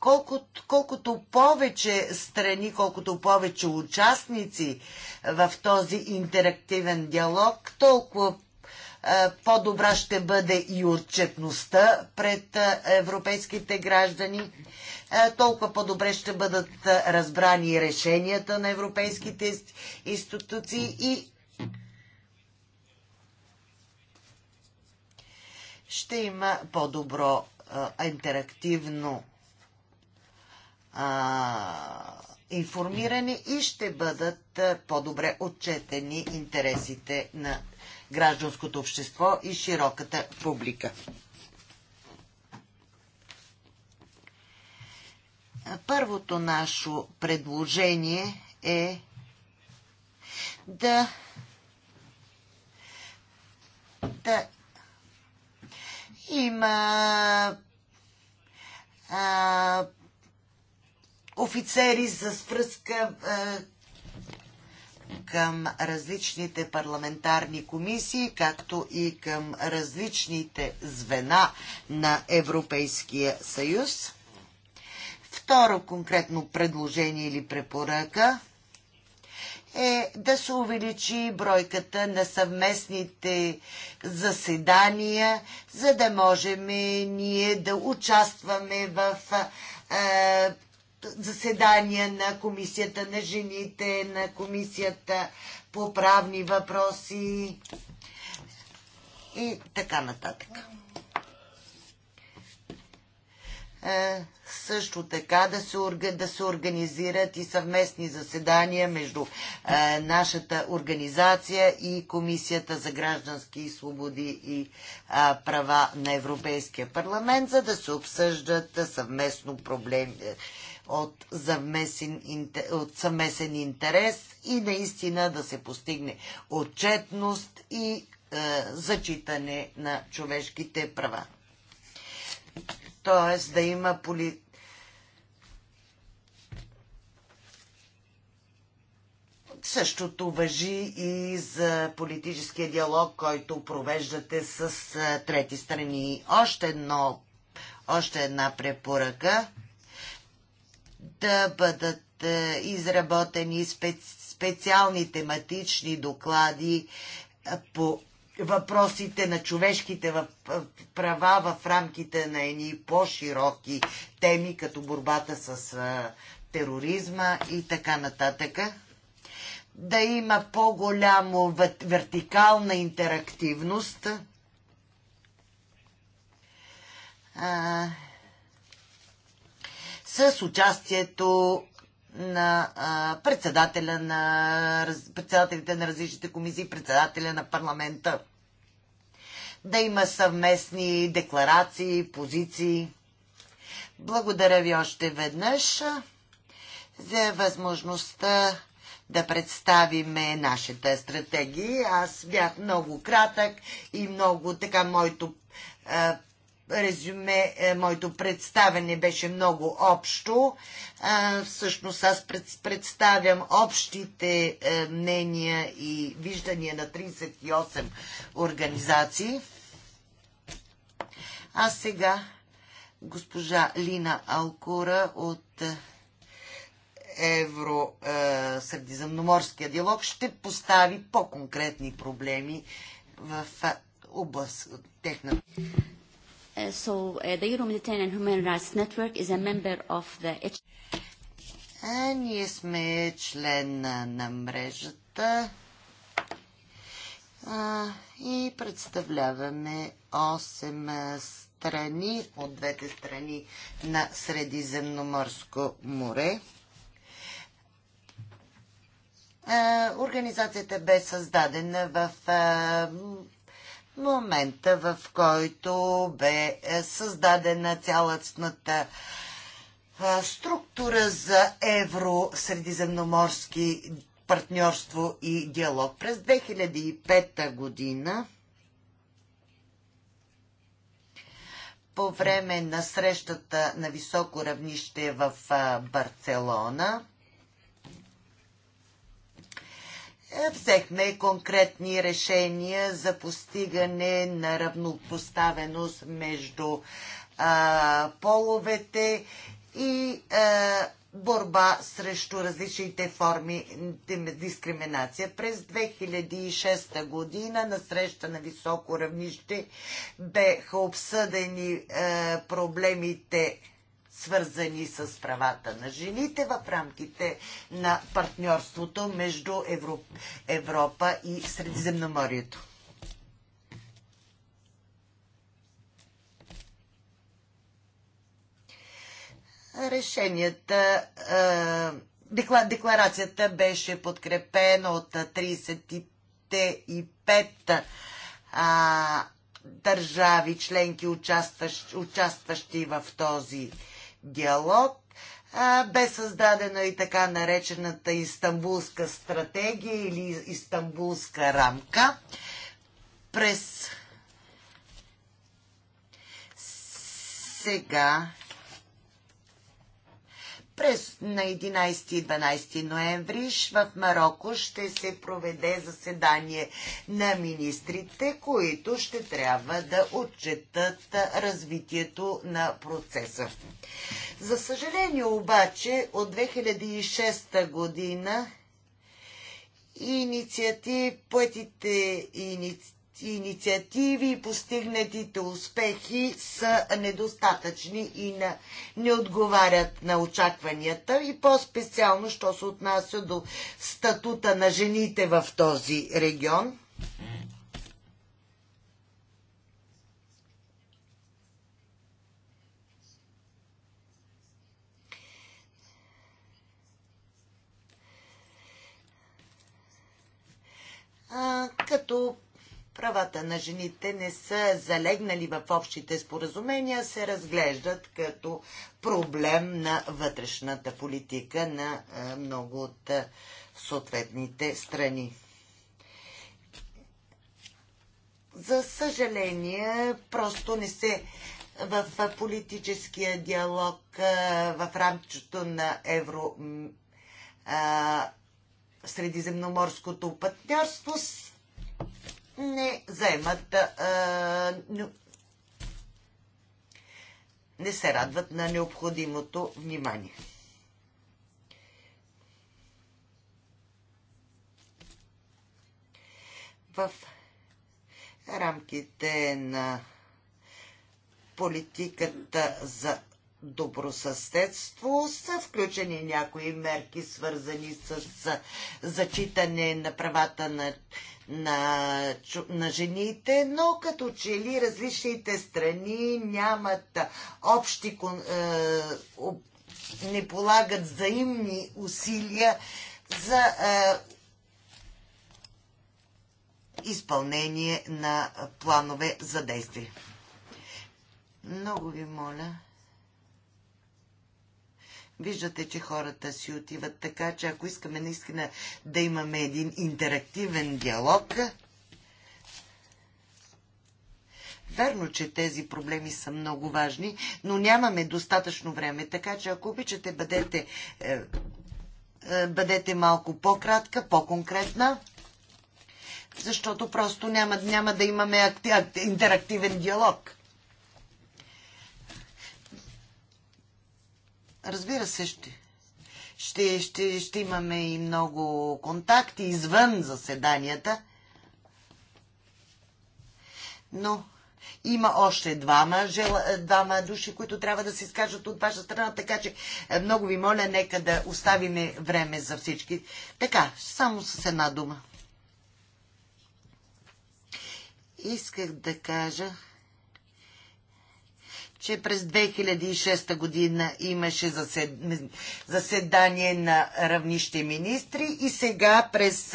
колкото, колкото повече страни, колкото повече участници в този интерактивен диалог, толкова е, по-добра ще бъде и отчетността пред е, европейските граждани, е, толкова по-добре ще бъдат разбрани решенията на европейските институции и ще има по-добро интерактивно а, информирани и ще бъдат по-добре отчетени интересите на гражданското общество и широката публика. Първото наше предложение е да да има а, офицери с връзка е, към различните парламентарни комисии, както и към различните звена на Европейския съюз. Второ конкретно предложение или препоръка е да се увеличи бройката на съвместните заседания, за да можем ние да участваме в е, заседания на Комисията на жените, на Комисията по правни въпроси и така нататък. Е, също така да се, да се организират и съвместни заседания между е, нашата организация и Комисията за граждански свободи и е, права на Европейския парламент, за да се обсъждат съвместно проблеми от, замесен, от съмесен интерес и наистина да се постигне отчетност и е, зачитане на човешките права. Тоест да има поли... Същото въжи и за политическия диалог, който провеждате с е, трети страни. Още едно, още една препоръка – да бъдат е, изработени специални тематични доклади е, по въпросите на човешките права в рамките на едни по-широки теми, като борбата с е, тероризма и така нататък. Да има по-голямо вертикална интерактивност с участието на а, председателя на председателите на различните комисии, председателя на парламента. Да има съвместни декларации, позиции. Благодаря ви още веднъж за възможността да представиме нашите стратегии. Аз бях много кратък и много така моето резюме, е, моето представене беше много общо. Всъщност аз представям общите е, мнения и виждания на 38 организации. А сега госпожа Лина Алкура от Евро-Средиземноморския е, диалог ще постави по-конкретни проблеми в област техната. Uh, so uh, the Euro-Mediterranean Human Rights Network is a member of the... H- ние сме член на, а, и представляваме 8 страни от двете страни на Средиземноморско море. А, организацията бе създадена в а, момента, в който бе е, създадена цялостната е, структура за евро-средиземноморски партньорство и диалог. През 2005 година по време на срещата на високо равнище в е, Барселона – Е, взехме конкретни решения за постигане на равнопоставеност между а, половете и а, борба срещу различните форми дискриминация. През 2006 година на среща на високо равнище беха обсъдени а, проблемите свързани с правата на жените в рамките на партньорството между Европа и Средиземноморието. решенията, декларацията беше подкрепена от 35 държави членки, участващи, участващи в този диалог. А, бе създадена и така наречената Истанбулска стратегия или Истанбулска рамка. През сега през на 11 и 12 ноември в Марокко ще се проведе заседание на министрите, които ще трябва да отчетат развитието на процеса. За съжаление обаче от 2006 година инициативите, поетите инициативи инициативи и постигнатите успехи са недостатъчни и не, не отговарят на очакванията и по-специално, що се отнася до статута на жените в този регион. като правата на жените не са залегнали в общите споразумения, се разглеждат като проблем на вътрешната политика на е, много от е, съответните страни. За съжаление, просто не се в политическия диалог е, в рамчето на Евро Средиземноморското партньорство не заемат не се радват на необходимото внимание. В рамките на политиката за добросъседство са включени някои мерки, свързани с зачитане на правата на, на, на жените, но като че ли различните страни нямат общи, е, не полагат взаимни усилия за е, изпълнение на планове за действие. Много ви моля. Виждате, че хората си отиват така, че ако искаме наистина да имаме един интерактивен диалог, Верно, че тези проблеми са много важни, но нямаме достатъчно време, така че ако обичате, бъдете, е, е, бъдете малко по-кратка, по-конкретна, защото просто няма, няма да имаме акти, акти, интерактивен диалог. Разбира се, ще, ще, ще, ще имаме и много контакти извън заседанията. Но има още двама, жел... двама души, които трябва да се изкажат от ваша страна, така че е, много ви моля, нека да оставим време за всички. Така, само с една дума. Исках да кажа че през 2006 година имаше заседание на равнище министри и сега през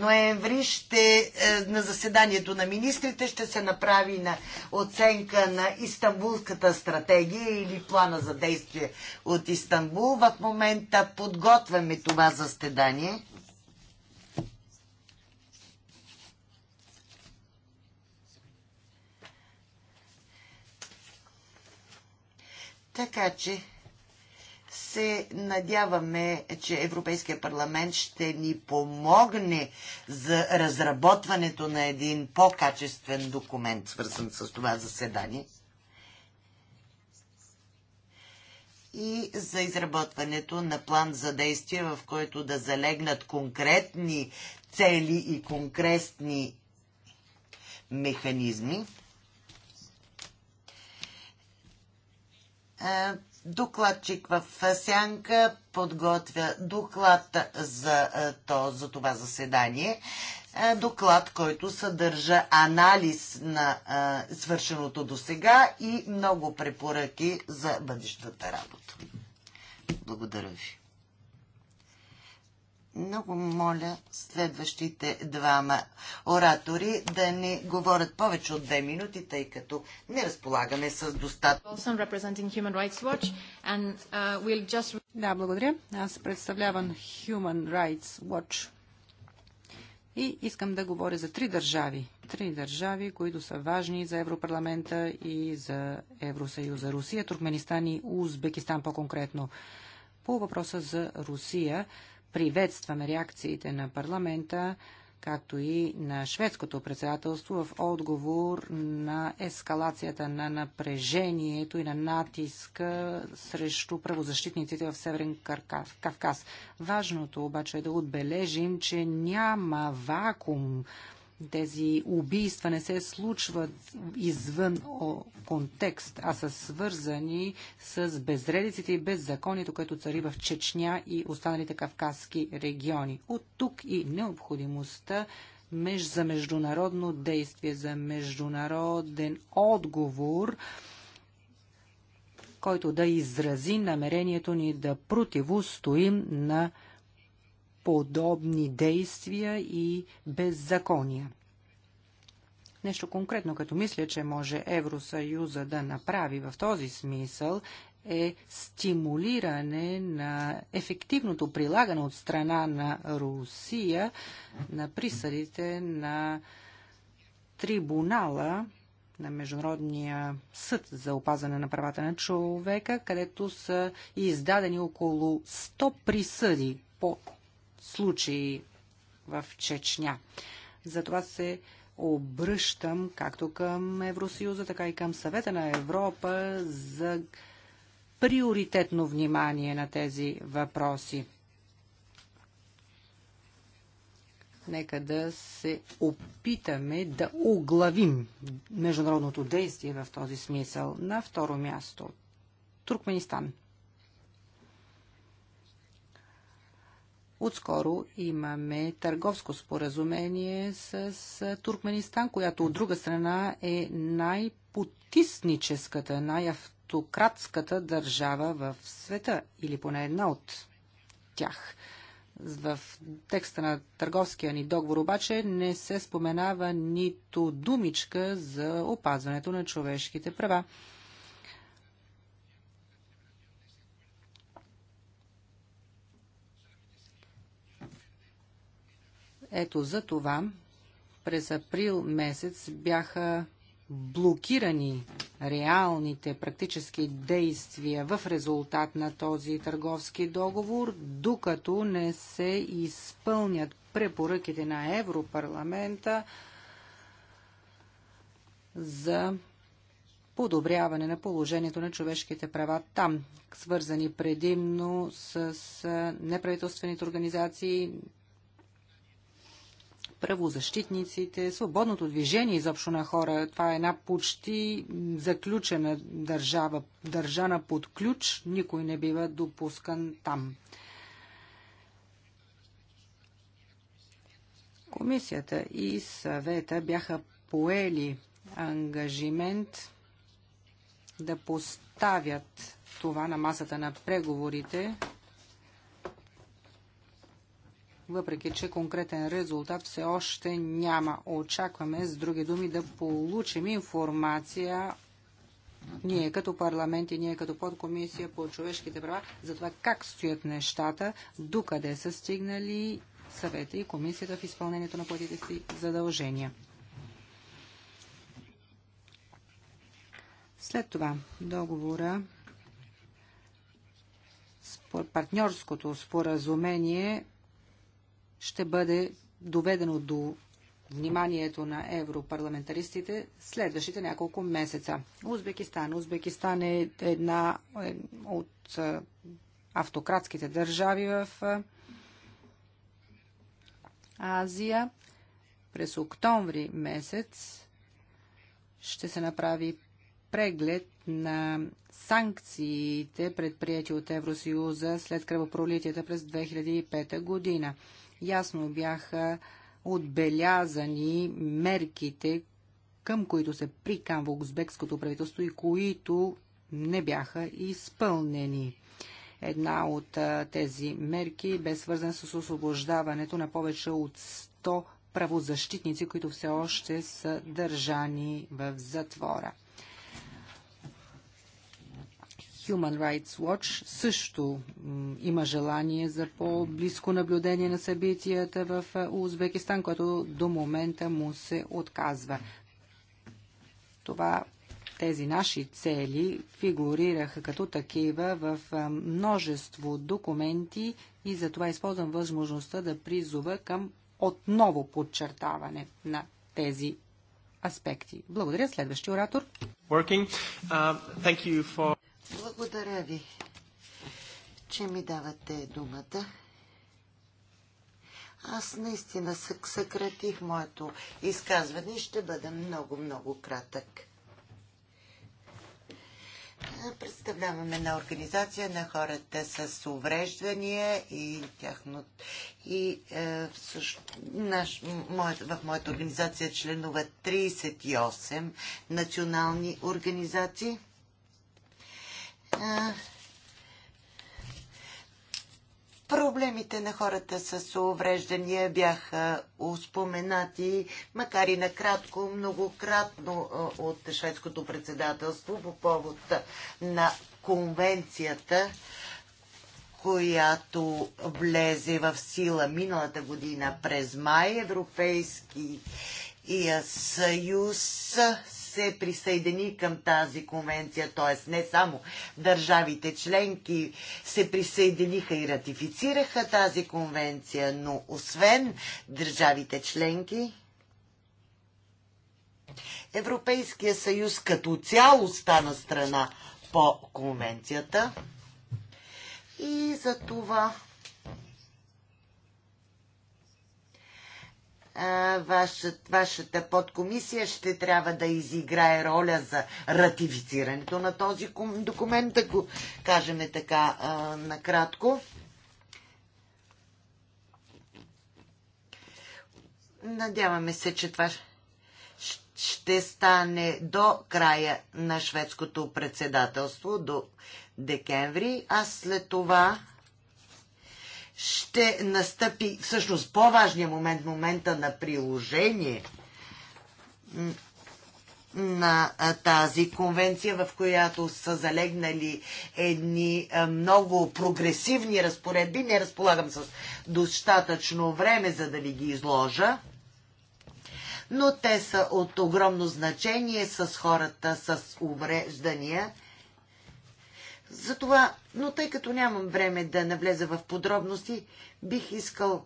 ноември ще, е, на заседанието на министрите ще се направи на оценка на Истанбулската стратегия или плана за действие от Истанбул. В момента подготвяме това заседание Така че се надяваме, че Европейския парламент ще ни помогне за разработването на един по-качествен документ, свързан с това заседание. и за изработването на план за действие, в който да залегнат конкретни цели и конкретни механизми. Е, докладчик в Сянка подготвя доклад за, е, то, за това заседание. Е, доклад, който съдържа анализ на свършеното до сега и много препоръки за бъдещата работа. Благодаря ви. Много моля следващите двама оратори да не говорят повече от две минути, тъй като не разполагаме с достатъчно. Uh, да, благодаря. Аз представлявам Human Rights Watch. И искам да говоря за три държави. Три държави, които са важни за Европарламента и за Евросъюза. Русия, Туркменистан и Узбекистан по-конкретно. По въпроса за Русия, приветстваме реакциите на парламента, както и на шведското председателство в отговор на ескалацията на напрежението и на натиска срещу правозащитниците в Северен Кавказ. Важното обаче е да отбележим, че няма вакуум тези убийства не се случват извън контекст, а са свързани с безредиците и беззаконието, което цари в Чечня и останалите кавказски региони. От тук и необходимостта меж, за международно действие, за международен отговор, който да изрази намерението ни да противостоим на подобни действия и беззакония. Нещо конкретно, като мисля, че може Евросъюза да направи в този смисъл, е стимулиране на ефективното прилагане от страна на Русия на присъдите на трибунала на Международния съд за опазване на правата на човека, където са издадени около 100 присъди по случаи в Чечня. Затова се обръщам както към Евросъюза, така и към съвета на Европа за приоритетно внимание на тези въпроси. Нека да се опитаме да оглавим международното действие в този смисъл. На второ място Туркменистан. Отскоро имаме търговско споразумение с Туркменистан, която от друга страна е най-потисническата, най-автократската държава в света, или поне една от тях. В текста на търговския ни договор обаче не се споменава нито думичка за опазването на човешките права. Ето за това през април месец бяха блокирани реалните практически действия в резултат на този търговски договор, докато не се изпълнят препоръките на Европарламента за подобряване на положението на човешките права там, свързани предимно с неправителствените организации, правозащитниците, свободното движение изобщо на хора. Това е една почти заключена държава, държана под ключ. Никой не бива допускан там. Комисията и съвета бяха поели ангажимент да поставят това на масата на преговорите въпреки че конкретен резултат все още няма. Очакваме, с други думи, да получим информация ние като парламент и ние като подкомисия по човешките права за това как стоят нещата, докъде са стигнали съвета и комисията в изпълнението на платите си задължения. След това договора партньорското споразумение ще бъде доведено до вниманието на европарламентаристите следващите няколко месеца. Узбекистан. Узбекистан е една е от е, автократските държави в е, Азия. През октомври месец ще се направи преглед на санкциите, предприяти от Евросъюза след кръвопролитията през 2005 година ясно бяха отбелязани мерките, към които се приканва узбекското правителство и които не бяха изпълнени. Една от тези мерки бе свързана с освобождаването на повече от 100 правозащитници, които все още са държани в затвора. Human Rights Watch също има желание за по-близко наблюдение на събитията в Узбекистан, което до момента му се отказва. Това тези наши цели фигурираха като такива в множество документи и затова използвам възможността да призова към отново подчертаване на тези аспекти. Благодаря. Следващия оратор. Uh, for... Благодаря ви, че ми давате думата. Аз наистина съкратих моето изказване и ще бъда много-много кратък. Представляваме една организация на хората с увреждания и тяхно... И е, също, наш, моят, в моята организация членуват 38 национални организации. Проблемите на хората с увреждания бяха споменати, макар и накратко, многократно от шведското председателство по повод на конвенцията, която влезе в сила миналата година през май. Европейски съюз се присъедини към тази конвенция, т.е. не само държавите членки се присъединиха и ратифицираха тази конвенция, но освен държавите членки, Европейския съюз като цяло стана страна по конвенцията. И за това вашата, вашата подкомисия ще трябва да изиграе роля за ратифицирането на този документ, да го кажем така а, накратко. Надяваме се, че това ще стане до края на шведското председателство, до декември, а след това ще настъпи всъщност по-важният момент, момента на приложение на тази конвенция, в която са залегнали едни много прогресивни разпоредби. Не разполагам с достатъчно време, за да ви ги изложа, но те са от огромно значение с хората с увреждания – затова, но тъй като нямам време да навлеза в подробности, бих искал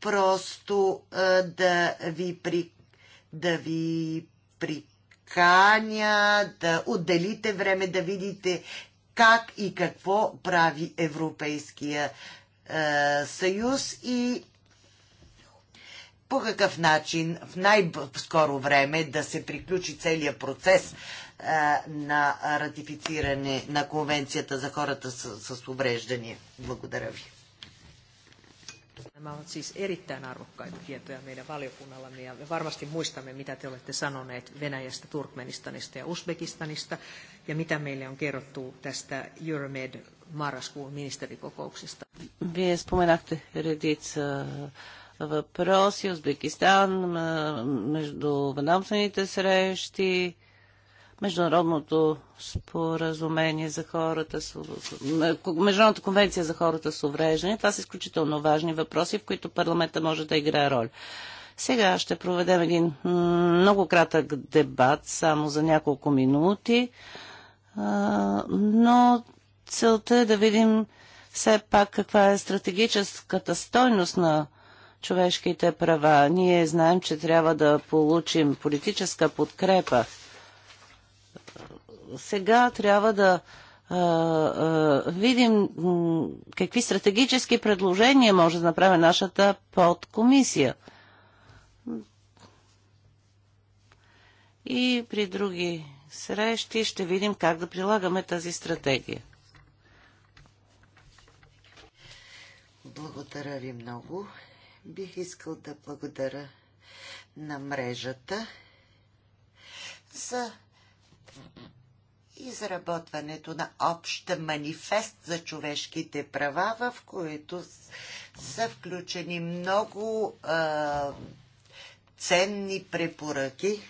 просто а, да ви при, да ви приканя, да отделите време, да видите как и какво прави Европейския а, съюз и по какъв начин в най-скоро време да се приключи целият процес на ратифициране на Конвенцията за хората с, с увреждания. Благодаря ви. Nämä ovat siis erittäin arvokkaita tietoja meidän valiokunnallamme ja me varmasti muistamme, mitä te olette sanoneet Venäjästä, Turkmenistanista ja Uzbekistanista ja mitä meille on kerrottu tästä Euromed marraskuun ministerikokouksesta. Вие споменахте редица въпроси, Узбекистан, междуведомствените срещи, Международното споразумение за хората с... Международната конвенция за хората с увреждане. Това са изключително важни въпроси, в които парламента може да играе роля. Сега ще проведем един много кратък дебат, само за няколко минути, но целта е да видим все пак каква е стратегическата стойност на човешките права. Ние знаем, че трябва да получим политическа подкрепа сега трябва да видим какви стратегически предложения може да направи нашата подкомисия. И при други срещи ще видим как да прилагаме тази стратегия. Благодаря ви много. Бих искал да благодаря на мрежата за изработването на общ манифест за човешките права, в които са включени много а, ценни препоръки.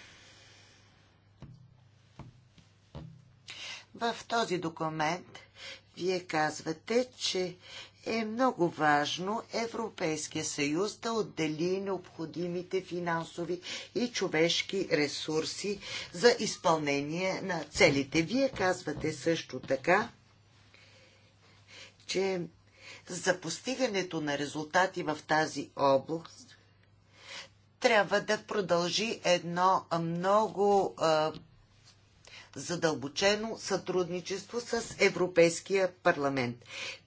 В този документ вие казвате, че е много важно Европейския съюз да отдели необходимите финансови и човешки ресурси за изпълнение на целите. Вие казвате също така, че за постигането на резултати в тази област трябва да продължи едно много а, задълбочено сътрудничество с Европейския парламент.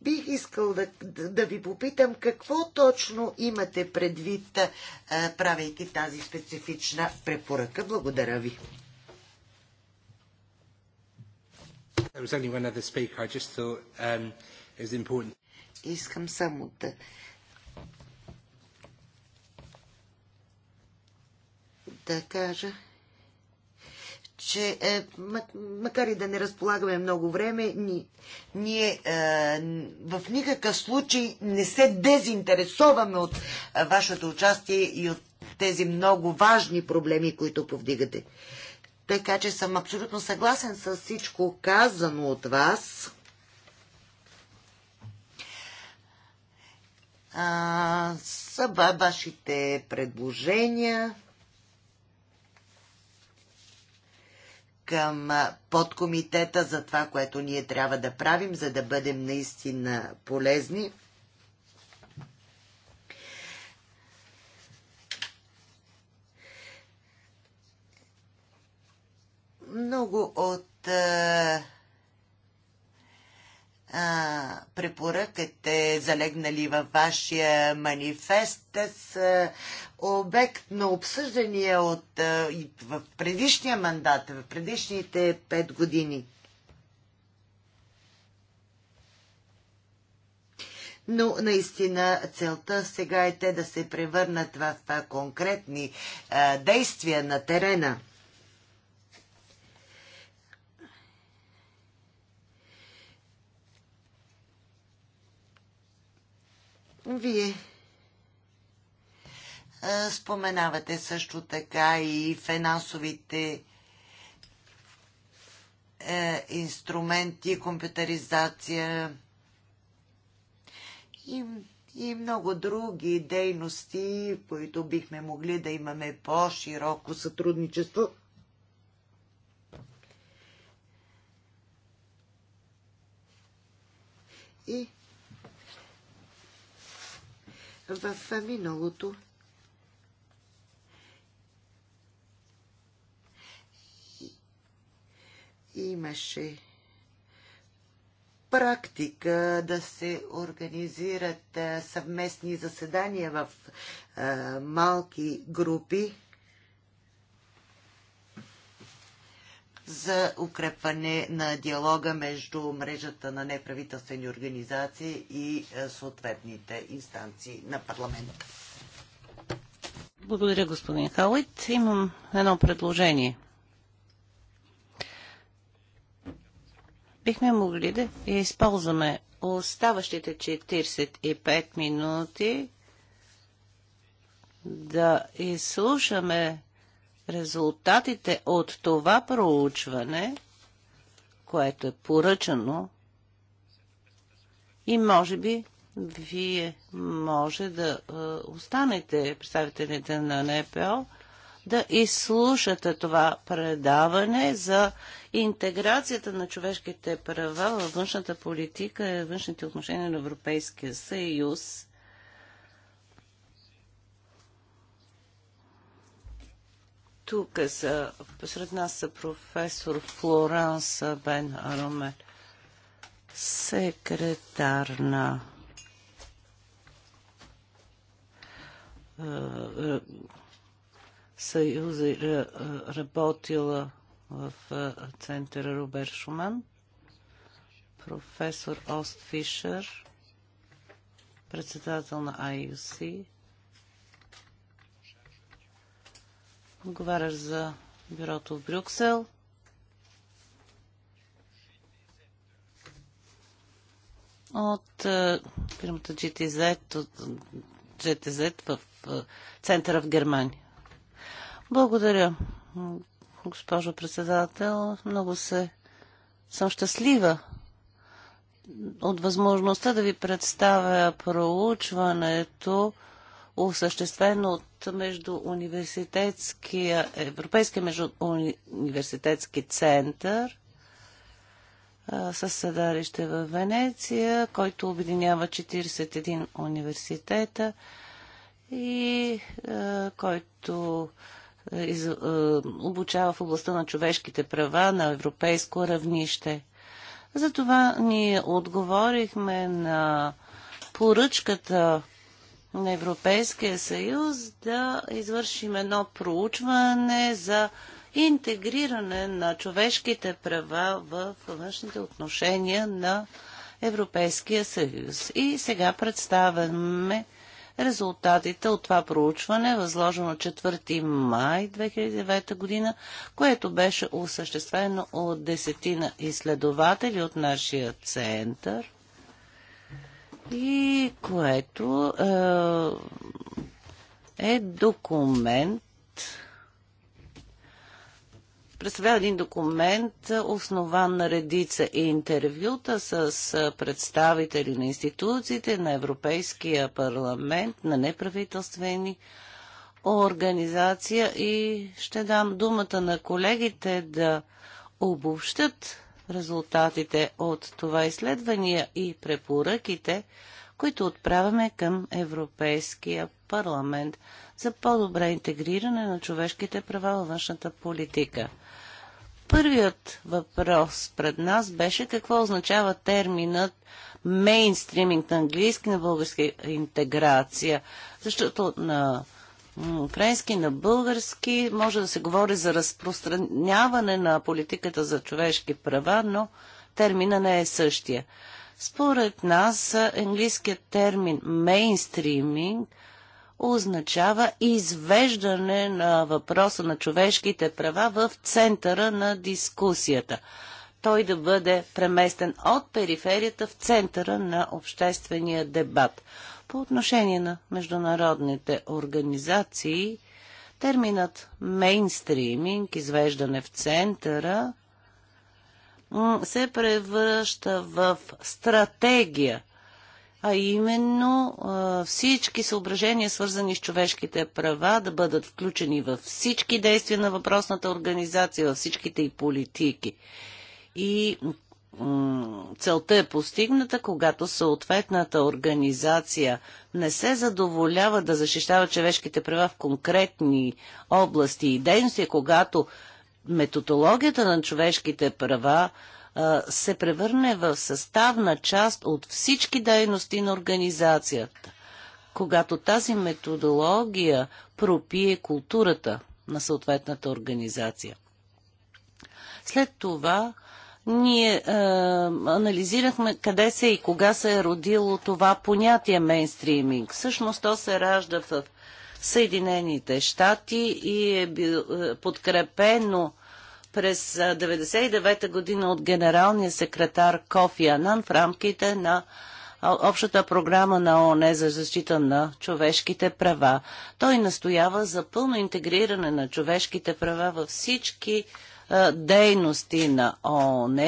Бих искал да, да ви попитам какво точно имате предвид, правейки тази специфична препоръка. Благодаря ви. Um, Искам само да да кажа че е, макар и да не разполагаме много време, ни, ние е, в никакъв случай не се дезинтересоваме от е, вашето участие и от тези много важни проблеми, които повдигате. Така че съм абсолютно съгласен с всичко казано от вас. А, са вашите предложения. към подкомитета за това, което ние трябва да правим, за да бъдем наистина полезни. Много от а, препоръките, залегнали във вашия манифест, а, обект на обсъждания от, а, и в предишния мандат, в предишните пет години. но наистина целта сега е те да се превърнат в конкретни действия на терена. Вие споменавате също така и финансовите е, инструменти, компютъризация и, и много други дейности, които бихме могли да имаме по-широко сътрудничество. И в миналото. Имаше практика да се организират съвместни заседания в малки групи за укрепване на диалога между мрежата на неправителствени организации и е, съответните инстанции на парламента. Благодаря, господин Халит. Имам едно предложение. Бихме могли да използваме оставащите 45 минути да изслушаме Резултатите от това проучване, което е поръчано, и може би вие може да е, останете представителите на НПО, да изслушате това предаване за интеграцията на човешките права във външната политика и външните отношения на Европейския съюз. Тук са, е посред нас са професор Флоранс Бен Ромер, секретар на е, е, Съюза работила в центъра Робер Шуман, професор Ост Фишер, председател на IUC, отговаряш за бюрото в Брюксел. От е, фирмата GTZ, от GTZ в е, центъра в Германия. Благодаря, госпожо председател. Много се съм щастлива от възможността да ви представя проучването осъществен от между университетския, Европейския между университетски център със седалище в Венеция, който обединява 41 университета и е, който е, обучава в областта на човешките права на европейско равнище. Затова ние отговорихме на поръчката на Европейския съюз да извършим едно проучване за интегриране на човешките права в външните отношения на Европейския съюз. И сега представяме резултатите от това проучване, възложено 4 май 2009 година, което беше осъществено от десетина изследователи от нашия център и което е, е документ, представлява един документ, основан на редица интервюта с е, представители на институциите, на Европейския парламент, на неправителствени организация и ще дам думата на колегите да обобщат резултатите от това изследване и препоръките, които отправяме към Европейския парламент за по-добре интегриране на човешките права във външната политика. Първият въпрос пред нас беше какво означава терминът мейнстриминг на английски на българска интеграция, защото на френски, на български. Може да се говори за разпространяване на политиката за човешки права, но термина не е същия. Според нас английският термин мейнстриминг означава извеждане на въпроса на човешките права в центъра на дискусията. Той да бъде преместен от периферията в центъра на обществения дебат. По отношение на международните организации, терминът мейнстриминг, извеждане в центъра, се превръща в стратегия, а именно всички съображения, свързани с човешките права, да бъдат включени във всички действия на въпросната организация, във всичките и политики. И целта е постигната, когато съответната организация не се задоволява да защищава човешките права в конкретни области и дейности, когато методологията на човешките права се превърне в съставна част от всички дейности на организацията. Когато тази методология пропие културата на съответната организация. След това ние е, анализирахме къде се и кога се е родило това понятие мейнстриминг. Всъщност то се ражда в Съединените щати и е бил, е, подкрепено през 99-та е, година от генералния секретар Кофи Анан в рамките на общата програма на ООН за защита на човешките права. Той настоява за пълно интегриране на човешките права във всички дейности на ООН.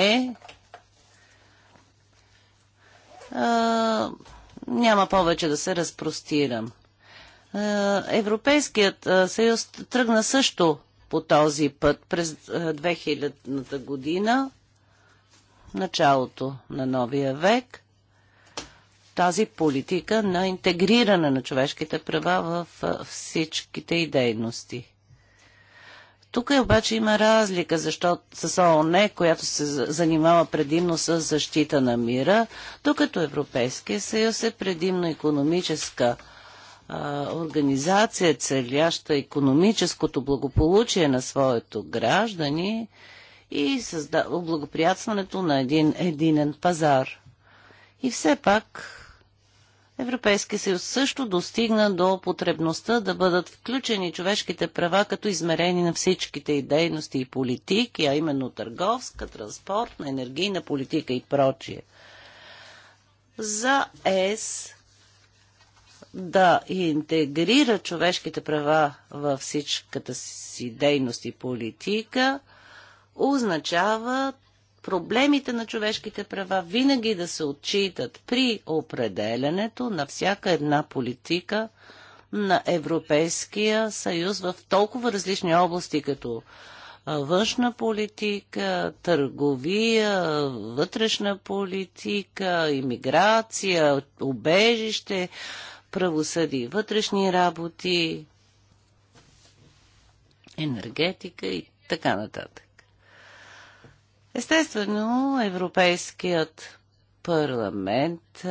Няма повече да се разпростирам. Европейският съюз тръгна също по този път през 2000-та година, началото на новия век, тази политика на интегриране на човешките права в всичките и дейности. Тук е обаче има разлика, защото с ООН, която се занимава предимно с защита на мира, докато Европейския съюз е предимно економическа а, организация, целяща економическото благополучие на своето граждани и създа... благоприятстването на един единен пазар. И все пак Европейския съюз също достигна до потребността да бъдат включени човешките права като измерени на всичките и дейности и политики, а именно търговска, транспортна, енергийна политика и прочие. За ЕС да интегрира човешките права във всичката си дейност и политика означава проблемите на човешките права винаги да се отчитат при определенето на всяка една политика на Европейския съюз в толкова различни области, като външна политика, търговия, вътрешна политика, иммиграция, убежище, правосъди, вътрешни работи, енергетика и така нататък. Естествено, Европейският парламент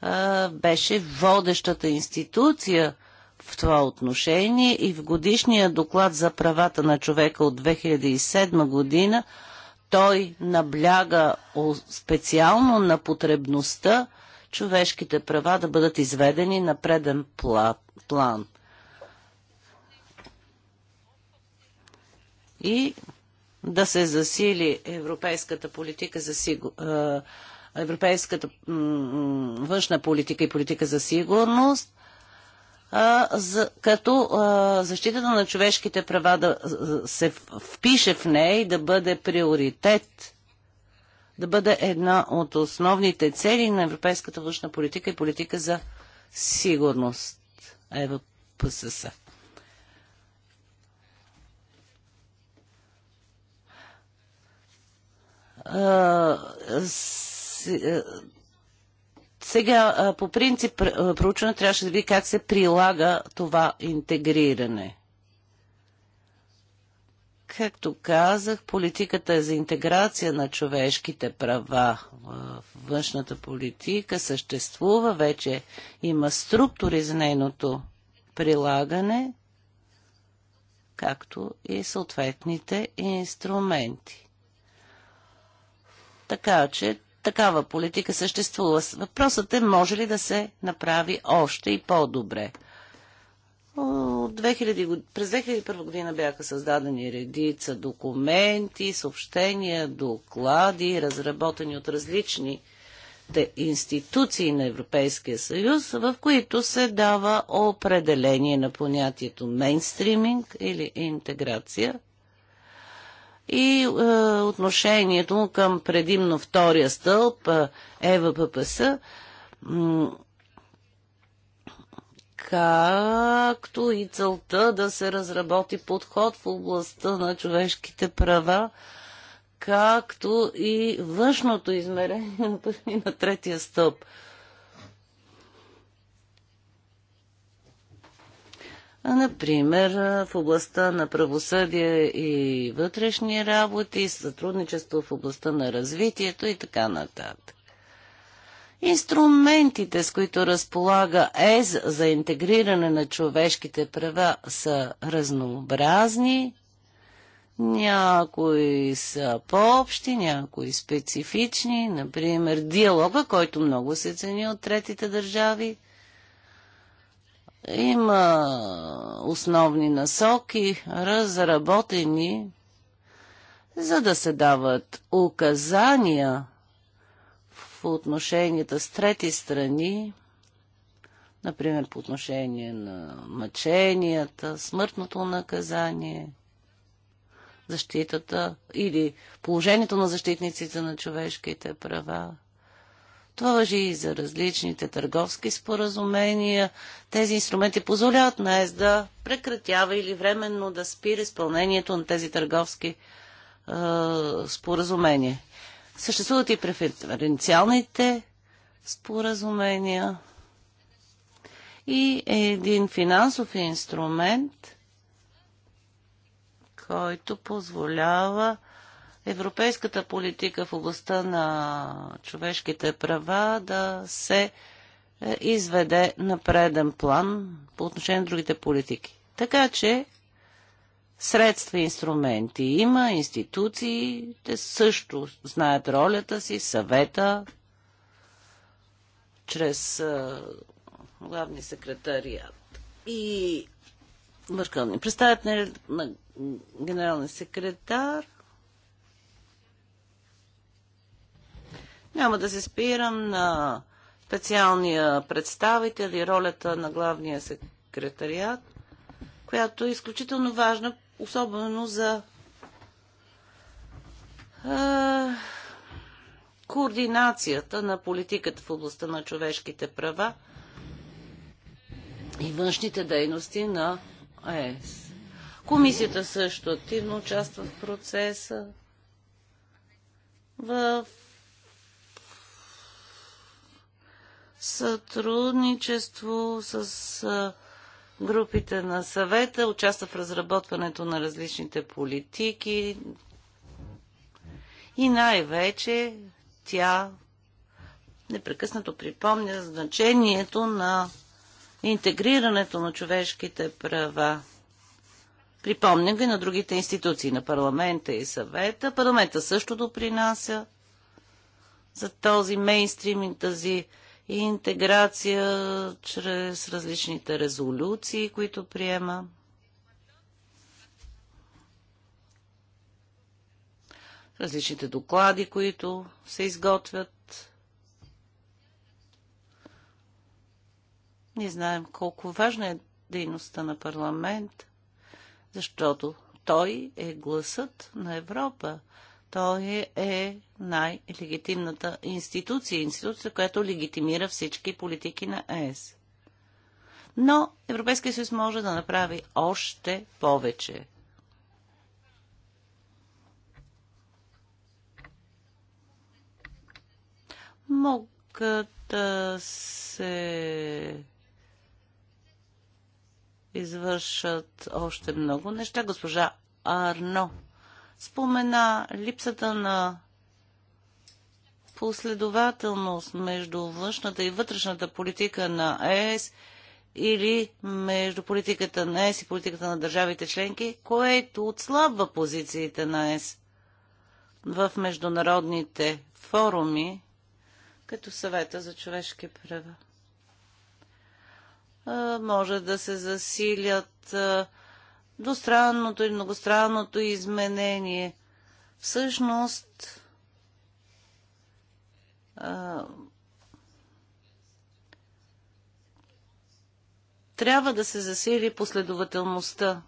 а, беше водещата институция в това отношение и в годишния доклад за правата на човека от 2007 година той набляга специално на потребността човешките права да бъдат изведени на преден план. И да се засили европейската политика за сигур... европейската външна политика и политика за сигурност, за, като защитата на човешките права да се впише в нея и да бъде приоритет, да бъде една от основните цели на европейската външна политика и политика за сигурност. Ева ПСС. Е, сега, по принцип, проучване трябваше да види как се прилага това интегриране. Както казах, политиката е за интеграция на човешките права в външната политика съществува вече. Има структури за нейното прилагане, както и съответните инструменти. Така че такава политика съществува. Въпросът е може ли да се направи още и по-добре. През 2001 година бяха създадени редица документи, съобщения, доклади, разработени от различни институции на Европейския съюз, в които се дава определение на понятието мейнстриминг или интеграция и е, отношението му към предимно втория стълб ЕВППС, е както и целта да се разработи подход в областта на човешките права, както и външното измерение на третия стълб. Например, в областта на правосъдие и вътрешни работи, сътрудничество в областта на развитието и така нататък. Инструментите, с които разполага ЕС за интегриране на човешките права, са разнообразни. Някои са по-общи, някои специфични, например диалога, който много се цени от третите държави – има основни насоки, разработени, за да се дават указания в отношенията с трети страни, например по отношение на мъченията, смъртното наказание, защитата или положението на защитниците на човешките права. Това въжи и за различните търговски споразумения. Тези инструменти позволяват на ЕС да прекратява или временно да спира изпълнението на тези търговски е, споразумения. Съществуват и преференциалните споразумения и един финансов инструмент, който позволява европейската политика в областта на човешките права да се е, изведе на преден план по отношение на другите политики. Така че средства и инструменти има, институции, те също знаят ролята си, съвета, чрез е, главни секретарият и върховни представители на генералния секретар – Няма да се спирам на специалния представител и ролята на главния секретариат, която е изключително важна, особено за а, координацията на политиката в областта на човешките права и външните дейности на ЕС. Комисията също активно участва в процеса. В сътрудничество с групите на съвета, участва в разработването на различните политики и най-вече тя непрекъснато припомня значението на интегрирането на човешките права. Припомням ви на другите институции, на парламента и съвета. Парламента също допринася за този мейнстрим и тази интеграция чрез различните резолюции, които приема. различните доклади, които се изготвят. Не знаем колко важна е дейността на парламент, защото той е гласът на Европа. Той е най-легитимната институция, институция, която легитимира всички политики на ЕС. Но Европейския съюз може да направи още повече. Могат да се извършат още много неща. Госпожа Арно спомена липсата на последователност между външната и вътрешната политика на ЕС или между политиката на ЕС и политиката на държавите членки, което отслабва позициите на ЕС в международните форуми, като съвета за човешки права. Може да се засилят двустранното и многостранното изменение. Всъщност, трябва да се засили последователността.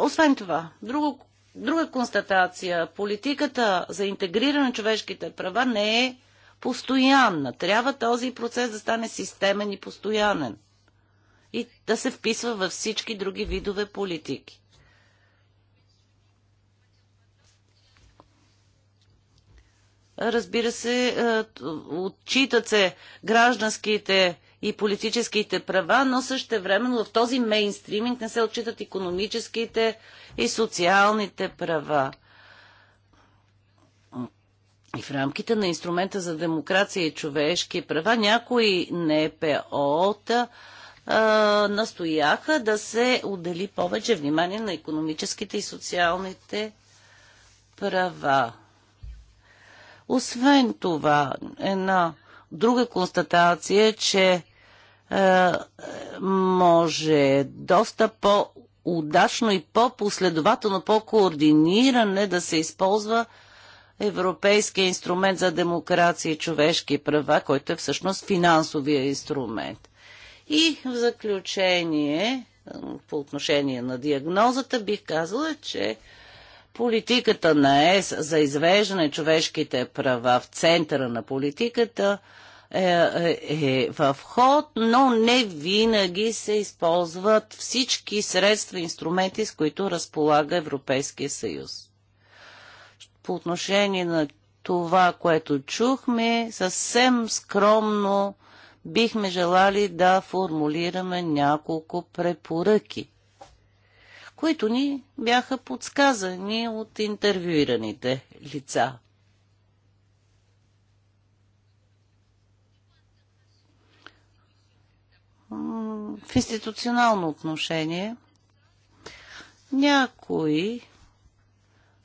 Освен това, друго, друга констатация. Политиката за интегриране на човешките права не е постоянна. Трябва този процес да стане системен и постоянен и да се вписва във всички други видове политики. Разбира се, е, отчитат се гражданските и политическите права, но също времено в този мейнстриминг не се отчитат економическите и социалните права. И в рамките на инструмента за демокрация и човешки права някои НПО-та настояха да се отдели повече внимание на економическите и социалните права. Освен това, една друга констатация е, че е, може доста по-удачно и по-последователно, по-координиране да се използва Европейския инструмент за демокрация и човешки права, който е всъщност финансовия инструмент. И в заключение, по отношение на диагнозата, бих казала, че политиката на ЕС за извеждане човешките права в центъра на политиката е, е, е в ход, но не винаги се използват всички средства и инструменти, с които разполага Европейския съюз. По отношение на това, което чухме, съвсем скромно бихме желали да формулираме няколко препоръки, които ни бяха подсказани от интервюираните лица. В институционално отношение някои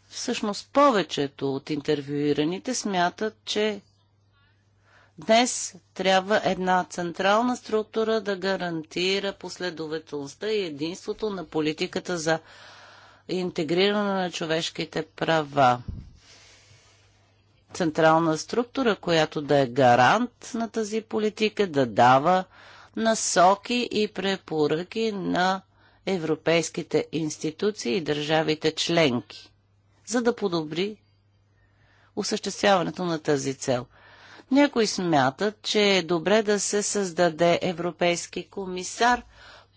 Всъщност повечето от интервюираните смятат, че Днес трябва една централна структура да гарантира последователността и единството на политиката за интегриране на човешките права. Централна структура, която да е гарант на тази политика, да дава насоки и препоръки на европейските институции и държавите членки, за да подобри осъществяването на тази цел – някои смятат, че е добре да се създаде европейски комисар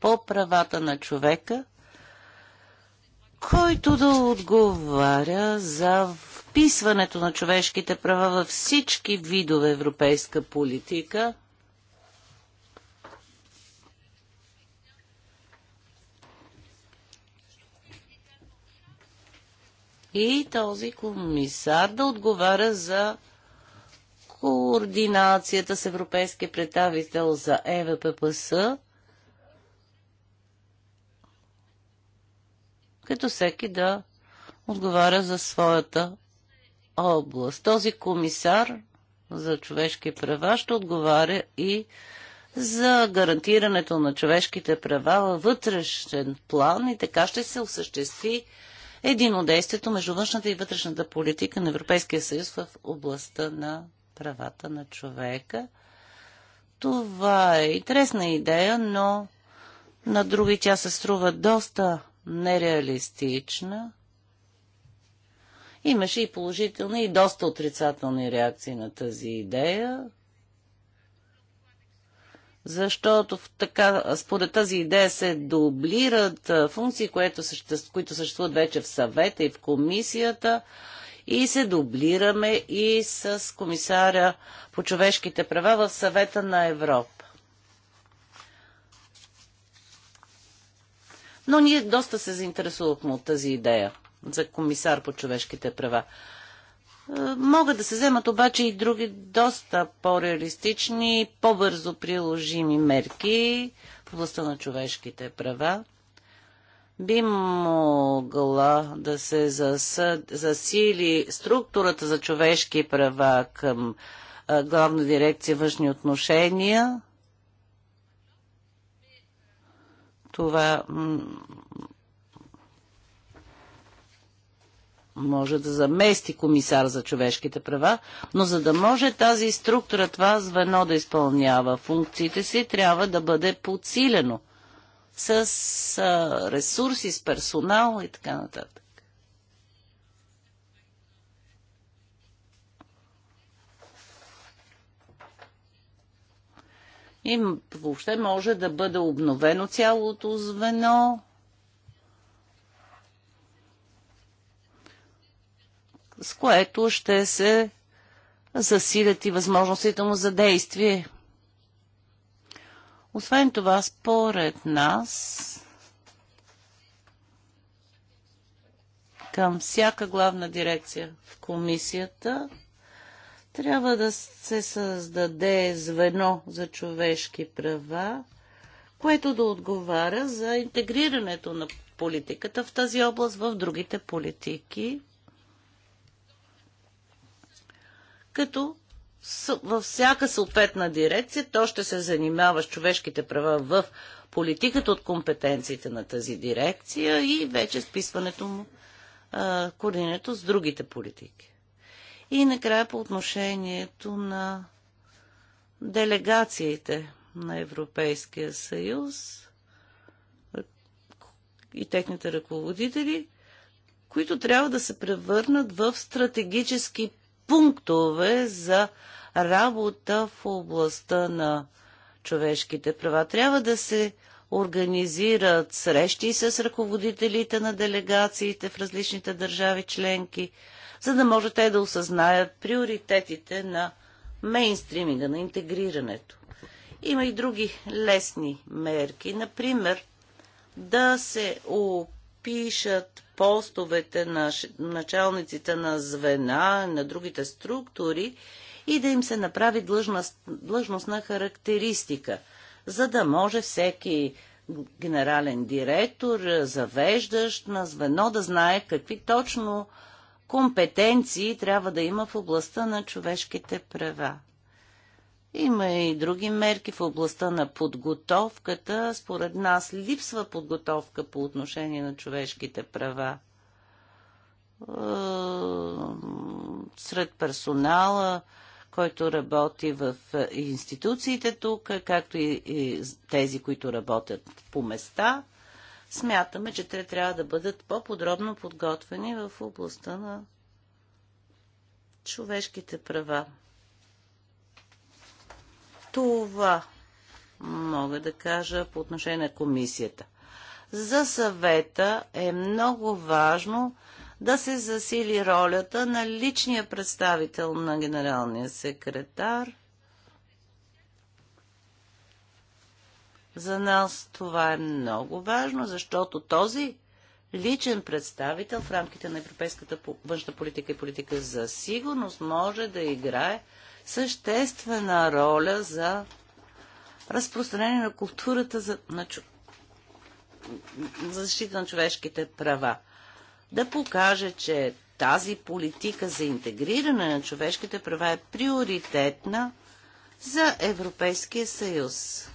по правата на човека, който да отговаря за вписването на човешките права във всички видове европейска политика. И този комисар да отговаря за координацията с европейския представител за ЕВППС, като всеки да отговаря за своята област. Този комисар за човешки права ще отговаря и за гарантирането на човешките права във вътрешен план и така ще се осъществи единодействието между външната и вътрешната политика на Европейския съюз в областта на правата на човека. Това е интересна идея, но на други тя се струва доста нереалистична. Имаше и положителни, и доста отрицателни реакции на тази идея, защото в така, според тази идея се дублират функции, които съществуват вече в съвета и в комисията, и се дублираме и с комисаря по човешките права в съвета на Европа. Но ние доста се заинтересувахме от тази идея за комисар по човешките права. Е, могат да се вземат обаче и други доста по-реалистични, по-бързо приложими мерки в областта на човешките права би могла да се засили структурата за човешки права към Главна дирекция външни отношения. Това може да замести комисар за човешките права, но за да може тази структура, това звено да изпълнява функциите си, трябва да бъде подсилено с а, ресурси, с персонал и така нататък. И въобще може да бъде обновено цялото звено. с което ще се засилят и възможностите му за действие. Освен това, според нас, към всяка главна дирекция в комисията трябва да се създаде звено за човешки права, което да отговаря за интегрирането на политиката в тази област в другите политики, като във всяка съответна дирекция то ще се занимава с човешките права в политиката от компетенциите на тази дирекция и вече списването му, координирането с другите политики. И накрая по отношението на делегациите на Европейския съюз и техните ръководители, които трябва да се превърнат в стратегически пунктове за работа в областта на човешките права. Трябва да се организират срещи с ръководителите на делегациите в различните държави членки, за да може те да осъзнаят приоритетите на мейнстриминга, на интегрирането. Има и други лесни мерки. Например, да се пишат постовете на началниците на звена, на другите структури и да им се направи длъжност, длъжностна характеристика, за да може всеки генерален директор, завеждащ на звено да знае какви точно компетенции трябва да има в областта на човешките права. Има и други мерки в областта на подготовката. Според нас липсва подготовка по отношение на човешките права. Е, сред персонала, който работи в институциите тук, както и тези, които работят по места, смятаме, че те трябва да бъдат по-подробно подготвени в областта на човешките права. Това мога да кажа по отношение на комисията. За съвета е много важно да се засили ролята на личния представител на генералния секретар. За нас това е много важно, защото този личен представител в рамките на европейската външна политика и политика за сигурност може да играе съществена роля за разпространение на културата за, на, за защита на човешките права. Да покаже, че тази политика за интегриране на човешките права е приоритетна за Европейския съюз.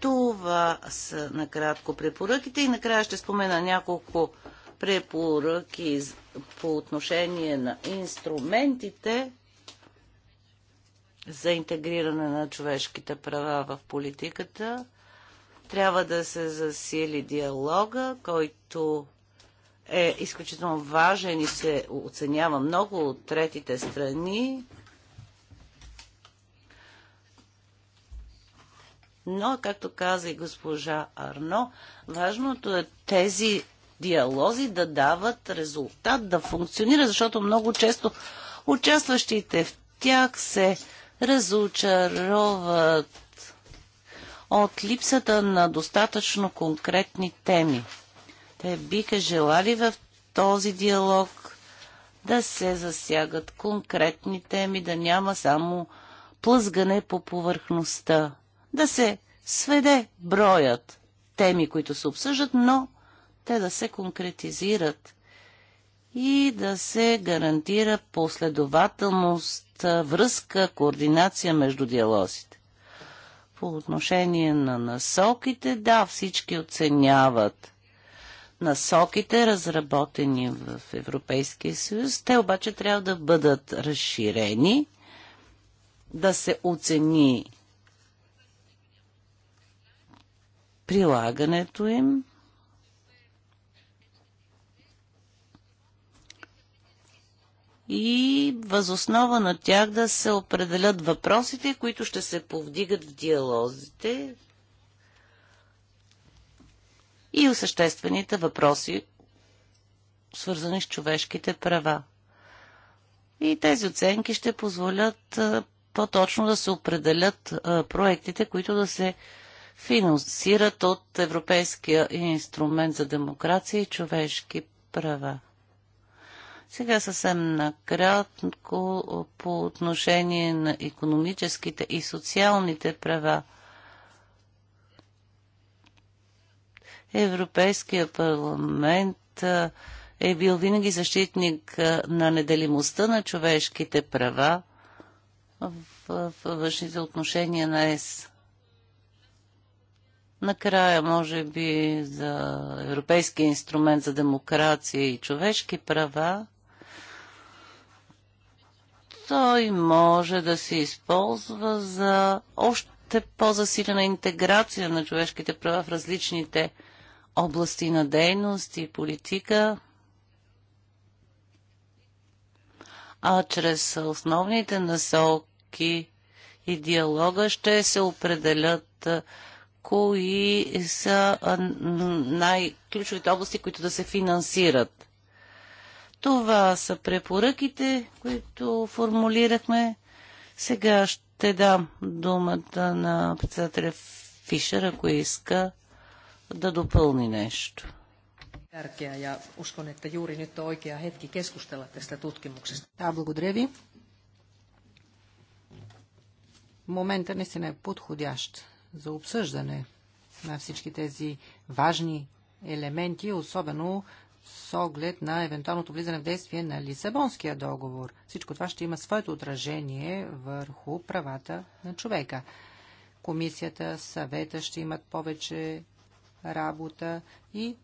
Това са накратко препоръките и накрая ще спомена няколко препоръки по отношение на инструментите, за интегриране на човешките права в политиката. Трябва да се засили диалога, който е изключително важен и се оценява много от третите страни. Но, както каза и госпожа Арно, важното е тези диалози да дават резултат, да функционира, защото много често участващите в тях се разочароват от липсата на достатъчно конкретни теми. Те биха желали в този диалог да се засягат конкретни теми, да няма само плъзгане по повърхността, да се сведе броят теми, които се обсъждат, но те да се конкретизират и да се гарантира последователност, връзка, координация между диалозите. По отношение на насоките, да, всички оценяват насоките, разработени в Европейския съюз. Те обаче трябва да бъдат разширени, да се оцени прилагането им и възоснова на тях да се определят въпросите, които ще се повдигат в диалозите и осъществените въпроси, свързани с човешките права. И тези оценки ще позволят по-точно да се определят проектите, които да се финансират от Европейския инструмент за демокрация и човешки права. Сега съвсем накратко по отношение на економическите и социалните права. Европейския парламент е бил винаги защитник на неделимостта на човешките права в външните отношения на ЕС. Накрая, може би, за Европейския инструмент за демокрация и човешки права той може да се използва за още по-засилена интеграция на човешките права в различните области на дейност и политика, а чрез основните насоки и диалога ще се определят кои са най-ключовите области, които да се финансират. Това са препоръките, които формулирахме. Сега ще дам думата на председателя Фишер, ако иска да допълни нещо. Да, благодаря ви. Момента наистина е подходящ за обсъждане на всички тези важни елементи, особено с оглед на евентуалното влизане в действие на Лисабонския договор. Всичко това ще има своето отражение върху правата на човека. Комисията, съвета ще имат повече работа и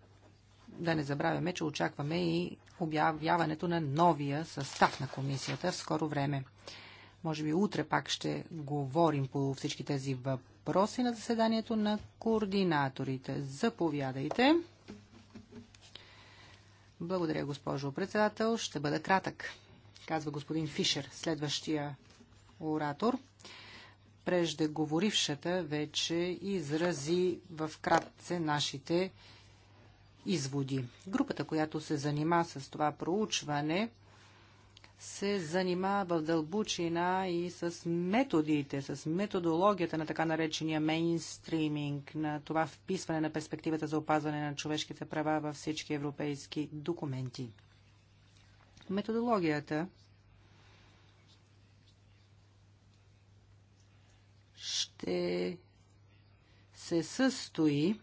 да не забравяме, че очакваме и обявяването на новия състав на комисията в скоро време. Може би утре пак ще говорим по всички тези въпроси на заседанието на координаторите. Заповядайте. Благодаря, госпожо председател. Ще бъда кратък, казва господин Фишер, следващия оратор. Преждеговорившата вече изрази в кратце нашите изводи. Групата, която се занима с това проучване, се занимава в дълбочина и с методите, с методологията на така наречения мейнстриминг, на това вписване на перспективата за опазване на човешките права във всички европейски документи. Методологията ще се състои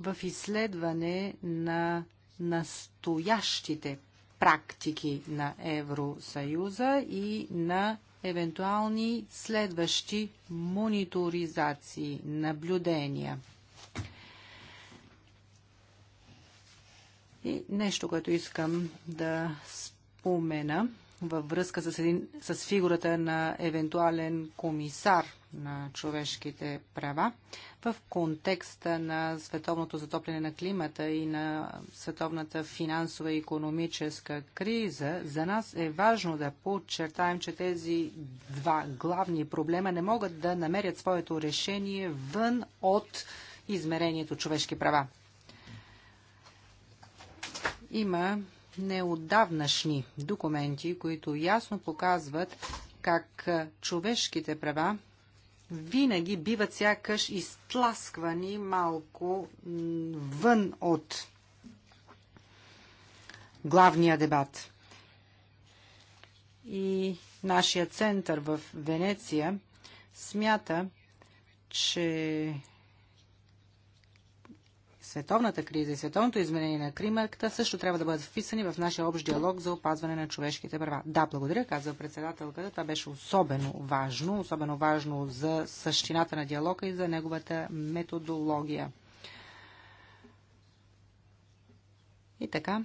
в изследване на настоящите практики на Евросъюза и на евентуални следващи мониторизации, наблюдения. И нещо, което искам да спомена – във връзка с, един, с фигурата на евентуален комисар на човешките права в контекста на световното затопляне на климата и на световната финансова и економическа криза, за нас е важно да подчертаем, че тези два главни проблема не могат да намерят своето решение вън от измерението човешки права. Има неотдавнашни документи, които ясно показват как човешките права винаги биват сякаш изтласквани малко вън от главния дебат. И нашия център в Венеция смята, че световната криза и световното изменение на климата също трябва да бъдат вписани в нашия общ диалог за опазване на човешките права. Да, благодаря, казва председателката. Това беше особено важно, особено важно за същината на диалога и за неговата методология. И така,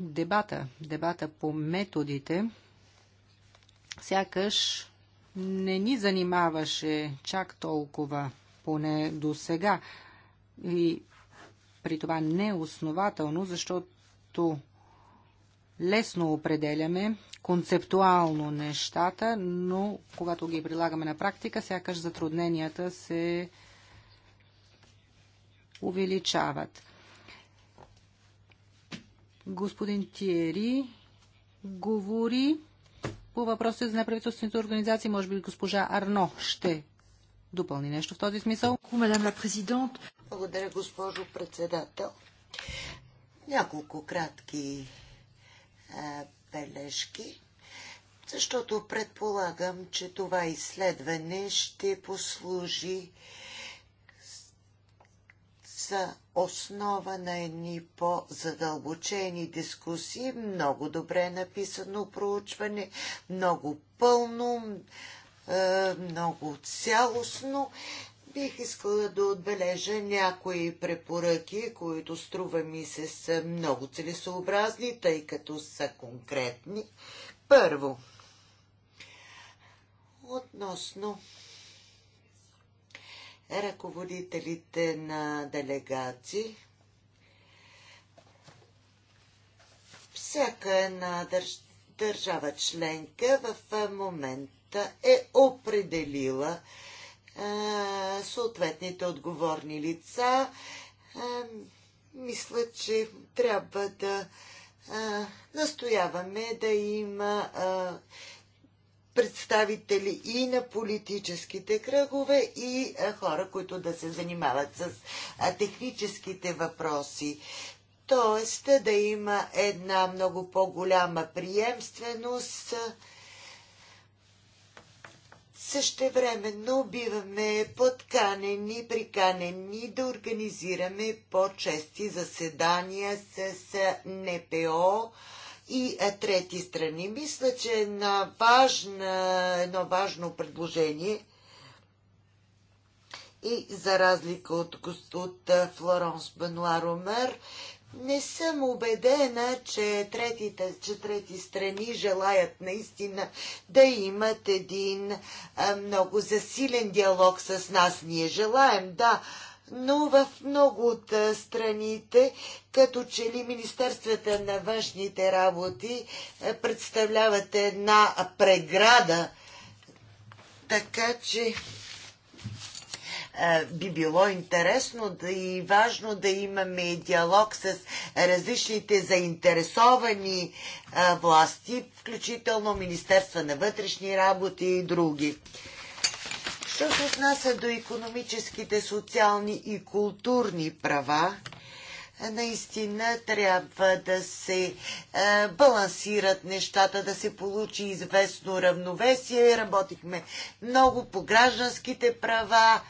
дебата, дебата по методите, сякаш не ни занимаваше чак толкова, поне до сега. И при това неоснователно, защото лесно определяме концептуално нещата, но когато ги прилагаме на практика, сякаш затрудненията се увеличават. Господин Тиери говори по въпроса за неправителствените организации. Може би госпожа Арно ще допълни нещо в този смисъл. Благодаря, госпожо председател. Няколко кратки е, бележки, защото предполагам, че това изследване ще послужи за основа на едни по-задълбочени дискусии, много добре е написано проучване, много пълно, много цялостно бих искала да отбележа някои препоръки, които струва ми се са много целесообразни, тъй като са конкретни. Първо, относно ръководителите на делегации, всяка една държ... държава членка в момента е определила съответните отговорни лица. Мисля, че трябва да настояваме да има представители и на политическите кръгове, и хора, които да се занимават с техническите въпроси. Тоест да има една много по-голяма приемственост Същевременно биваме подканени, приканени да организираме по-чести заседания с НПО и трети страни. Мисля, че на важна, едно важно предложение и за разлика от, от Флоранс Бенуар Омер, не съм убедена, че третите, че трети страни желаят наистина да имат един а, много засилен диалог с нас. Ние желаем, да, но в много от страните, като че ли Министерствата на външните работи представляват една преграда, така че би било интересно да и важно да имаме диалог с различните заинтересовани власти, включително Министерства на вътрешни работи и други. Що се отнася до економическите, социални и културни права, наистина трябва да се балансират нещата, да се получи известно равновесие. Работихме много по гражданските права,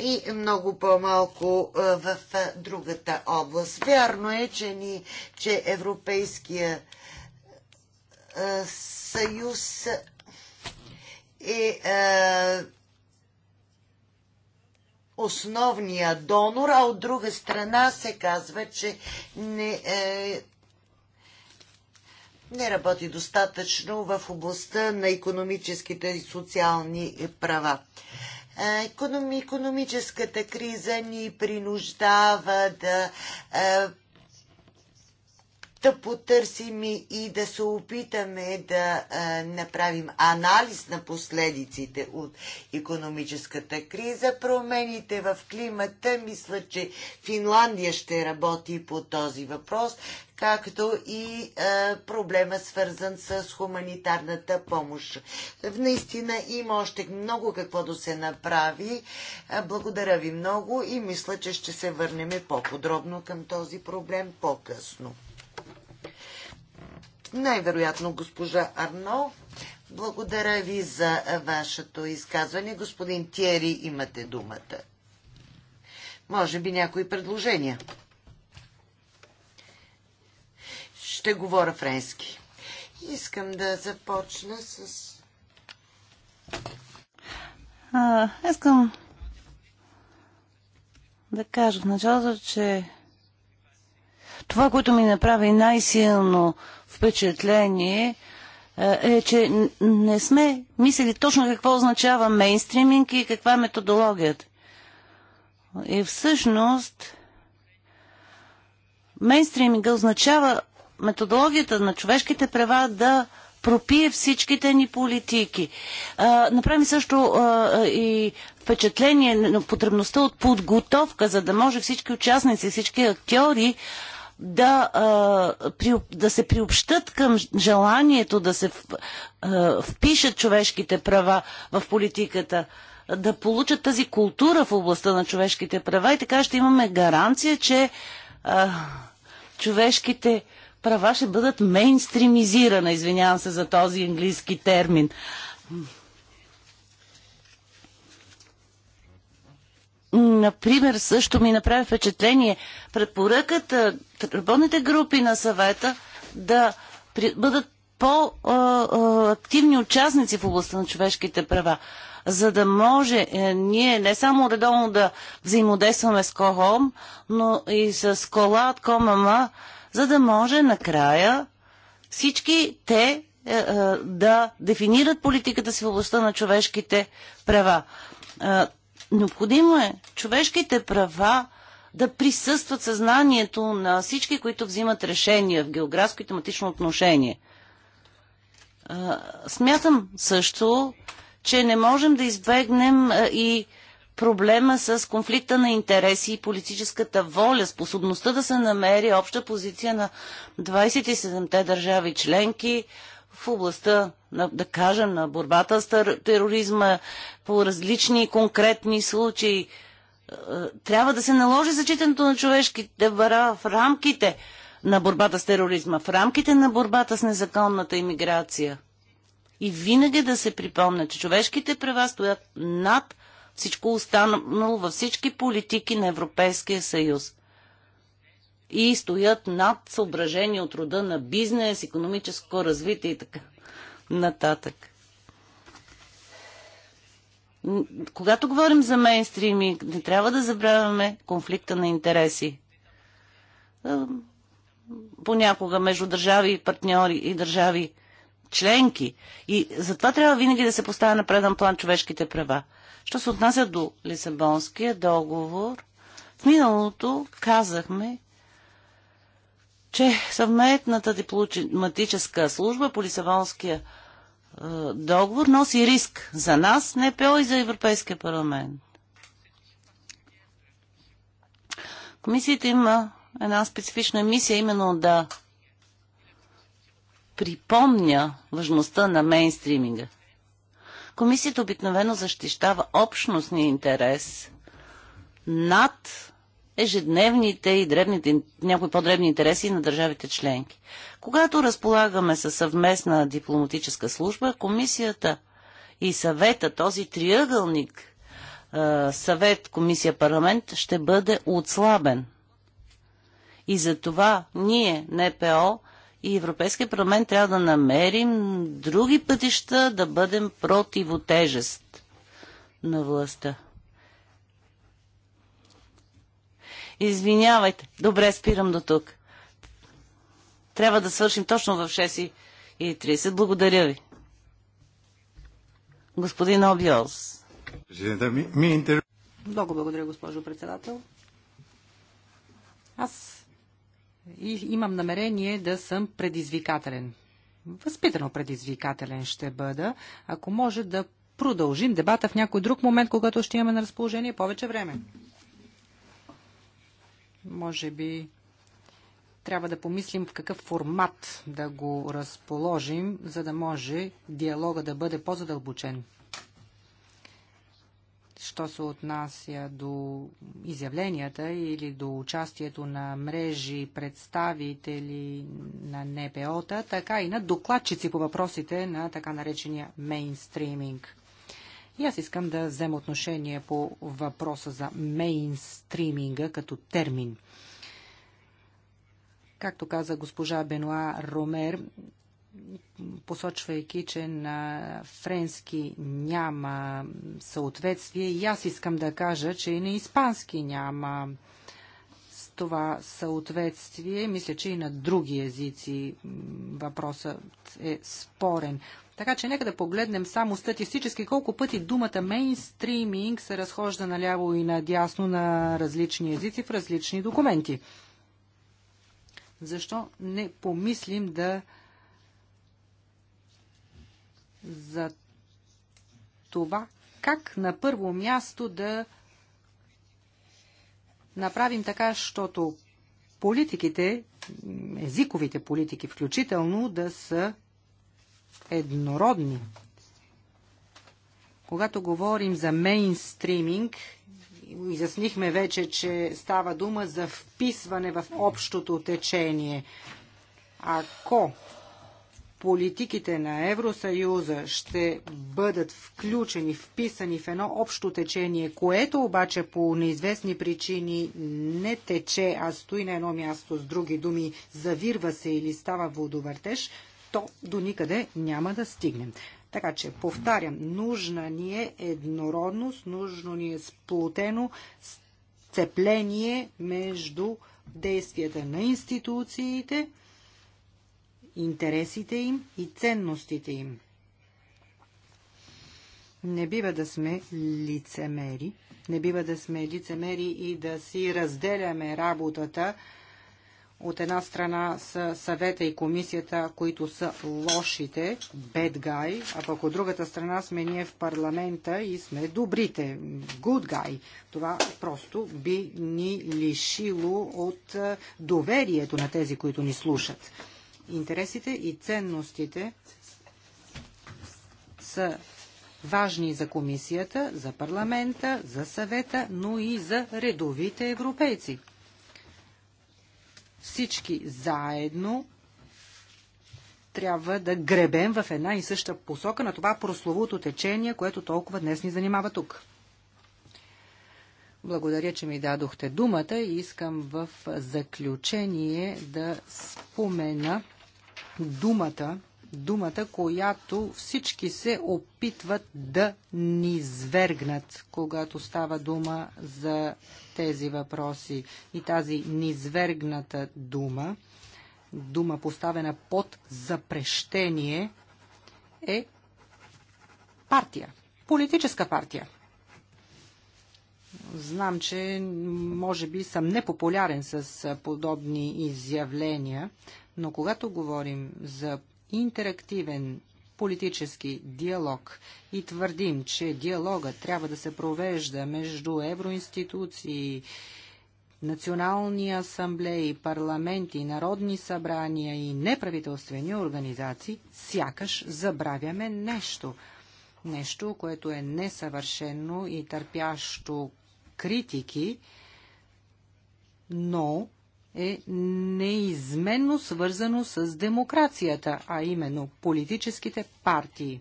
и много по-малко е, в е, другата област. Вярно е, че, ни, че Европейския е, съюз е основния донор, а от друга страна се казва, че не, е, не работи достатъчно в областта на економическите и социални права. Е, е, економическата криза ни принуждава да е, да потърсим и да се опитаме да а, направим анализ на последиците от економическата криза. Промените в климата, мисля, че Финландия ще работи по този въпрос, както и а, проблема свързан с хуманитарната помощ. Наистина има още много какво да се направи. А, благодаря ви много и мисля, че ще се върнем по-подробно към този проблем по-късно най-вероятно госпожа Арно. Благодаря ви за вашето изказване. Господин Тиери, имате думата. Може би някои предложения. Ще говоря френски. Искам да започна с... А, искам да кажа в началото, че това, което ми направи най-силно впечатление е, че не сме мислили точно какво означава мейнстриминг и каква е методологията. И всъщност мейнстриминга означава методологията на човешките права да пропие всичките ни политики. направим също а, и впечатление на потребността от подготовка, за да може всички участници, всички актьори да, а, при, да се приобщат към желанието да се в, а, впишат човешките права в политиката, да получат тази култура в областта на човешките права и така ще имаме гаранция, че а, човешките права ще бъдат мейнстримизирана. Извинявам се за този английски термин. Например, също ми направи впечатление препоръката работните групи на съвета да бъдат по-активни участници в областта на човешките права, за да може е, ние не само редовно да взаимодействаме с КОХОМ, но и с кола от КОМАМА, за да може накрая всички те е, е, да дефинират политиката си в областта на човешките права. Необходимо е човешките права да присъстват съзнанието на всички, които взимат решения в географско и тематично отношение. Смятам също, че не можем да избегнем и проблема с конфликта на интереси и политическата воля, способността да се намери обща позиция на 27-те държави членки в областта, на, да кажем, на борбата с тероризма по различни конкретни случаи. Е, трябва да се наложи зачитането на човешките бара в рамките на борбата с тероризма, в рамките на борбата с незаконната иммиграция. И винаги да се припомня, че човешките права стоят над всичко останало във всички политики на Европейския съюз и стоят над съображения от рода на бизнес, економическо развитие и така нататък. Когато говорим за мейнстрими, не трябва да забравяме конфликта на интереси. Понякога между държави и партньори и държави членки. И затова трябва винаги да се поставя на преден план човешките права. Що се отнася до Лисабонския договор, в миналото казахме, че съвметната дипломатическа служба по Лисавонския е, договор носи риск за нас, НПО и за Европейския парламент. Комисията има една специфична мисия, именно да припомня важността на мейнстриминга. Комисията обикновено защищава общностния интерес над ежедневните и древните, някои по-дребни интереси на държавите членки. Когато разполагаме със съвместна дипломатическа служба, комисията и съвета, този триъгълник съвет, комисия, парламент ще бъде отслабен. И за това ние, НПО и Европейския парламент трябва да намерим други пътища да бъдем противотежест на властта. Извинявайте. Добре, спирам до тук. Трябва да свършим точно в 6 и 30. Благодаря ви. Господин Обиолс. Е Много благодаря, госпожо председател. Аз имам намерение да съм предизвикателен. Възпитано предизвикателен ще бъда, ако може да продължим дебата в някой друг момент, когато ще имаме на разположение повече време. Може би трябва да помислим в какъв формат да го разположим, за да може диалога да бъде по-задълбочен. Що се отнася до изявленията или до участието на мрежи, представители на НПО-та, така и на докладчици по въпросите на така наречения мейнстриминг. И аз искам да взема отношение по въпроса за мейнстриминга като термин. Както каза госпожа Бенуа Ромер, посочвайки, че на френски няма съответствие, и аз искам да кажа, че и на испански няма това съответствие. Мисля, че и на други езици въпросът е спорен. Така че нека да погледнем само статистически колко пъти думата мейнстриминг се разхожда наляво и надясно на различни езици в различни документи. Защо не помислим да за това как на първо място да направим така, щото политиките, езиковите политики включително, да са еднородни. Когато говорим за мейнстриминг, изяснихме вече, че става дума за вписване в общото течение. Ако политиките на Евросъюза ще бъдат включени, вписани в едно общо течение, което обаче по неизвестни причини не тече, а стои на едно място, с други думи, завирва се или става водовъртеж, то до никъде няма да стигнем. Така че, повтарям, нужна ни е еднородност, нужно ни е сплотено сцепление между действията на институциите, интересите им и ценностите им. Не бива да сме лицемери. Не бива да сме лицемери и да си разделяме работата от една страна са съвета и комисията, които са лошите, bad guy, а пък от другата страна сме ние в парламента и сме добрите, good guy. Това просто би ни лишило от е, доверието на тези, които ни слушат. Интересите и ценностите са важни за комисията, за парламента, за съвета, но и за редовите европейци всички заедно трябва да гребем в една и съща посока на това прословото течение, което толкова днес ни занимава тук. Благодаря, че ми дадохте думата и искам в заключение да спомена думата думата, която всички се опитват да ни звергнат, когато става дума за тези въпроси. И тази низвергната дума, дума поставена под запрещение, е партия, политическа партия. Знам, че може би съм непопулярен с подобни изявления, но когато говорим за интерактивен политически диалог и твърдим, че диалогът трябва да се провежда между евроинституции, национални асамблеи, парламенти, народни събрания и неправителствени организации, сякаш забравяме нещо. Нещо, което е несъвършено и търпящо критики, но е неизменно свързано с демокрацията, а именно политическите партии.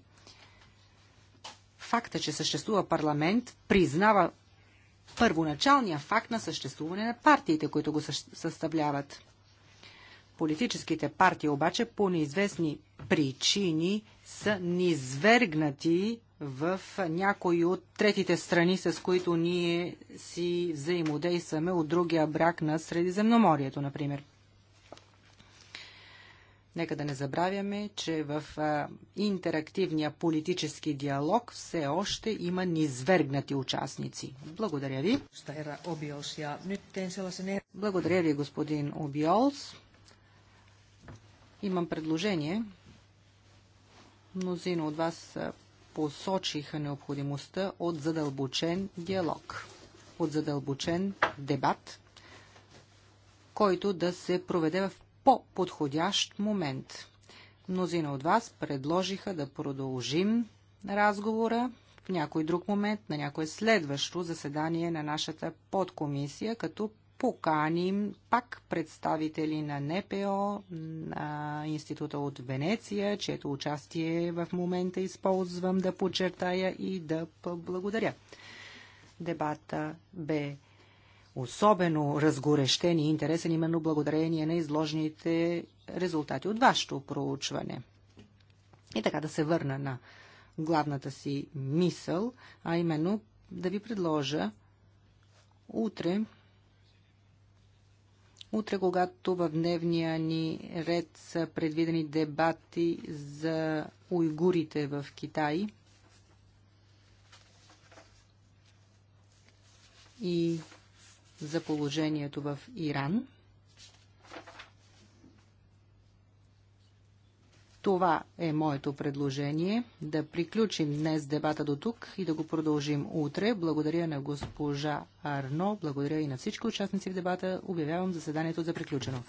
Факта, че съществува парламент, признава първоначалния факт на съществуване на партиите, които го съставляват. Политическите партии обаче по неизвестни причини са низвергнати в някои от третите страни, с които ние си взаимодействаме от другия брак на Средиземноморието, например. Нека да не забравяме, че в интерактивния политически диалог все още има низвергнати участници. Благодаря ви. Е. Благодаря ви, господин Обиолс. Имам предложение. Мнозина от вас посочиха необходимостта от задълбочен диалог, от задълбочен дебат, който да се проведе в по-подходящ момент. Мнозина от вас предложиха да продължим разговора в някой друг момент, на някое следващо заседание на нашата подкомисия, като поканим пак представители на НПО, на Института от Венеция, чието участие в момента използвам да подчертая и да благодаря. Дебата бе особено разгорещен и интересен именно благодарение на изложените резултати от вашето проучване. И така да се върна на главната си мисъл, а именно да ви предложа утре Утре, когато в дневния ни ред са предвидени дебати за уйгурите в Китай и за положението в Иран, Това е моето предложение. Да приключим днес дебата до тук и да го продължим утре. Благодаря на госпожа Арно, благодаря и на всички участници в дебата. Обявявам заседанието за приключено.